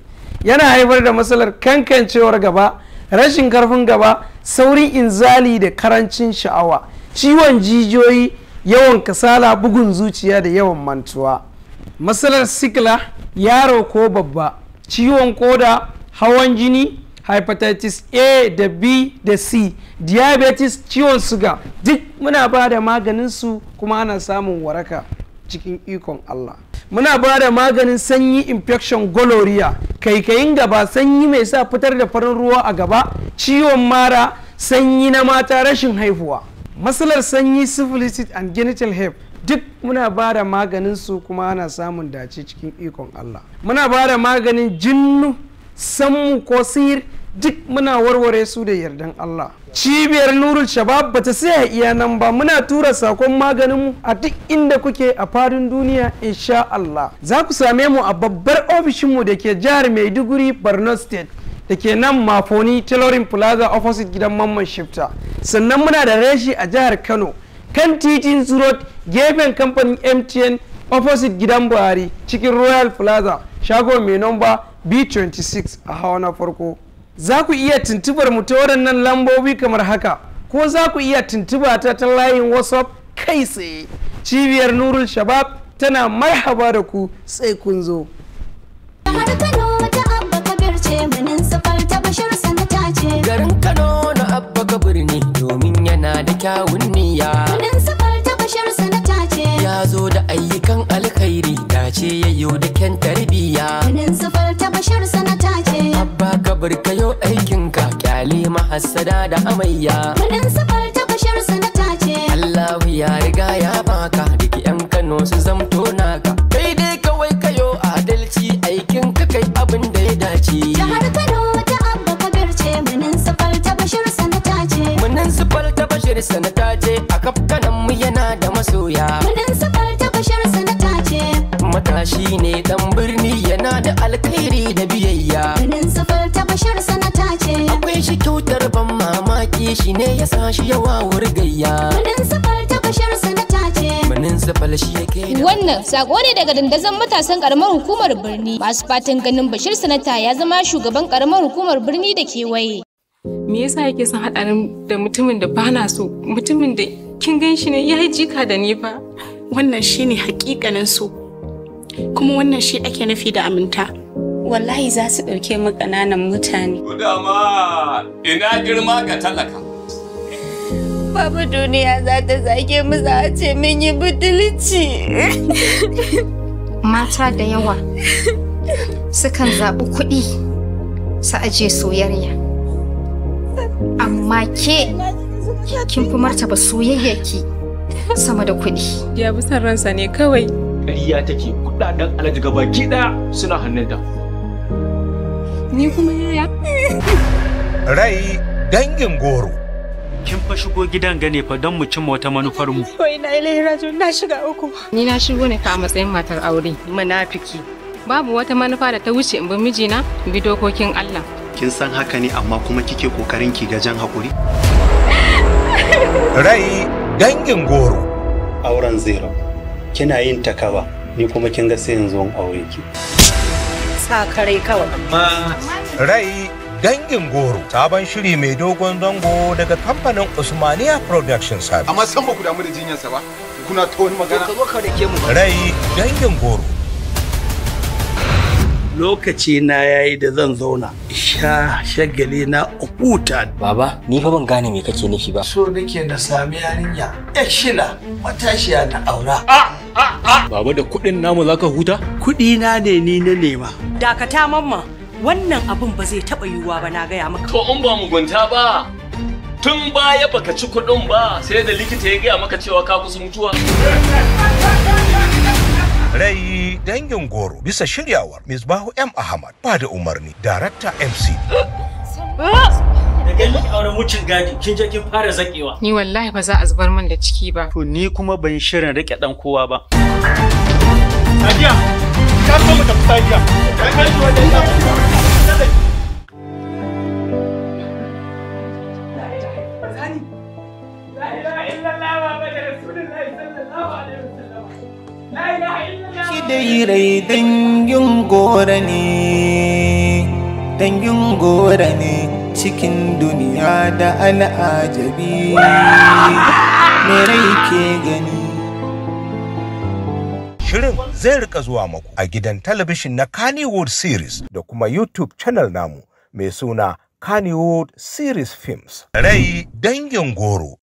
yana haifar da matsalar kankancewar gaba rashin karfin gaba saurin inzali da karancin sha'awa ciwon jijiyoyi yawan kasala bugun zuciya da yawan mantuwa matsalar sikila yaro ko babba ciwon koda hawan jini hepatitis a da b da c diabetes ciwon suga duk muna ba da maganin su kuma ana samun waraka cikin ikon allah muna ba da maganin sanyi infection gonorrhea kaikayin gaba sanyi mai sa fitar da farin ruwa a gaba ciwon mara sanyi na mata rashin haihuwa matsalar sanyi syphilis and genital herpes duk muna ba da maganin su kuma ana samun dace cikin ikon Allah muna ba da maganin jinnu sammu ko sihir duk muna warware su da yardan Allah cibiyar nurul shabab bata ta sai iya nan ba muna tura sakon maganin mu a duk inda kuke a fadin duniya insha Allah za ku same mu a babbar ofishinmu da ke jihar Maiduguri Borno State da ke nan mafoni tailoring plaza opposite gidan mamman shifta sannan muna da reshi a jihar Kano kan titin road gefen kamfanin mtn opposite gidan buhari cikin royal plaza shago mai nomba b26 a hawa na farko za ku iya tuntubar mu ta waɗannan lambobi kamar haka ko za ku iya tuntuba ta ta layin whatsapp kai tsaye cibiyar nurul shabab tana marhaba da ku sai kun zo garin kano na abba kabir ne domin yana da kyawun zo da ayyukan alkhairi dace yayo da ken tarbiya Ganin sufar ta bashar sanata ce abba kabar kayo aikin ka kyale mahassada da amayya Ganin sufar ta bashar sanata ce Allahu ya riga ya baka duk yan Kano su zamto naka kai dai kawai kayo adalci aikin ka kai abin da ya dace jihar Kano ta abba kabir ce munin ta bashar sanata ce munin sufar ta bashar sanata ce a kafkanan da masoya Kudin sabar ta bashar sanata ce Matashi ne dan birni yana da alkhairi da biyayya Kudin sabar ta bashar sanata ce Akwai shi kyautar ban mamaki shi ne ya sa shi yawa wurgayya Kudin sabar ta bashar sanata ce Munin sabar shi yake da Wannan sako ne daga dandazon matasan karamar hukumar birni masu fatan ganin Bashir sanata ya zama shugaban karamar hukumar birni da kewaye me yasa yake son haɗa ni da mutumin da ba na so mutumin da kin gan shi ne ya yi jika da ni fa wannan shine haƙiƙanin so kuma wannan shi ake nufi da aminta wallahi za su ɗauke mu ƙananan mutane dama ina girma ga talaka Babu duniya za ta zage mu za a ce min yi butulci. Mata da yawa sukan zaɓi kuɗi su aje soyayya. Amma ke kin fi martaba soyayyaki sama da kuɗi. Ya bi san ransa ne kawai. Ƙarya take kuɗaɗen alaji gaba ki ɗaya suna hannunta. Ni kuma yaya. Rai dangin goro. kin fa shigo gidan gane fa don mu cimma wata manufar mu. Wai na ilahi rajul na shiga uku. Ni na shigo ne fa a matsayin matar aure. Munafiki. Babu wata manufa da ta wuce in bi mijina bi dokokin Allah. kin san haka ne amma kuma kike kokarin ki gajan hakuri rai dangin goro auren zero kina yin takawa ni kuma kin ga sai yanzu aure ki kare kawai amma rai dangin goro sabon shiri mai dogon zango daga kamfanin usmania production service amma san ba ku damu da jinyarsa ba kuna ta wani magana rai dangin goro lokaci na yayi da zan zauna sha shagali na huta baba ni fa ban gane me kake nufi ba so nake na sami yarinya eh, shila matashiya na aura ah, ah, ah. baba da kuɗin namu zaka huta Kuɗina na ne ni na nema dakata mamma wannan abun ba zai taɓa yiwuwa ba na gaya maka to in ba mugunta ba tun baya baka ci kuɗin ba sai da likita ya gaya maka cewa ka kusa mutuwa Rai dangin goro bisa shiryawar bahu M. Ahmad ba da umarni Darakta MC. Da ganin auren wucin gadi kin je kin fara zakewa. Ni wallahi ba za a zubar min da ciki ba. To ni kuma ban shirin rike dan kowa ba. Sadiya, ka so mu tafi Sadiya. Ka kai wajen da. dairai dangin gora ne dangin gora ne cikin duniya da al'ajabi me rai ke gani Shirin zai rika zuwa maku a gidan talabishin na Kannywood Series da kuma YouTube channel namu mai suna Kannywood Series Films. Rai dangin goro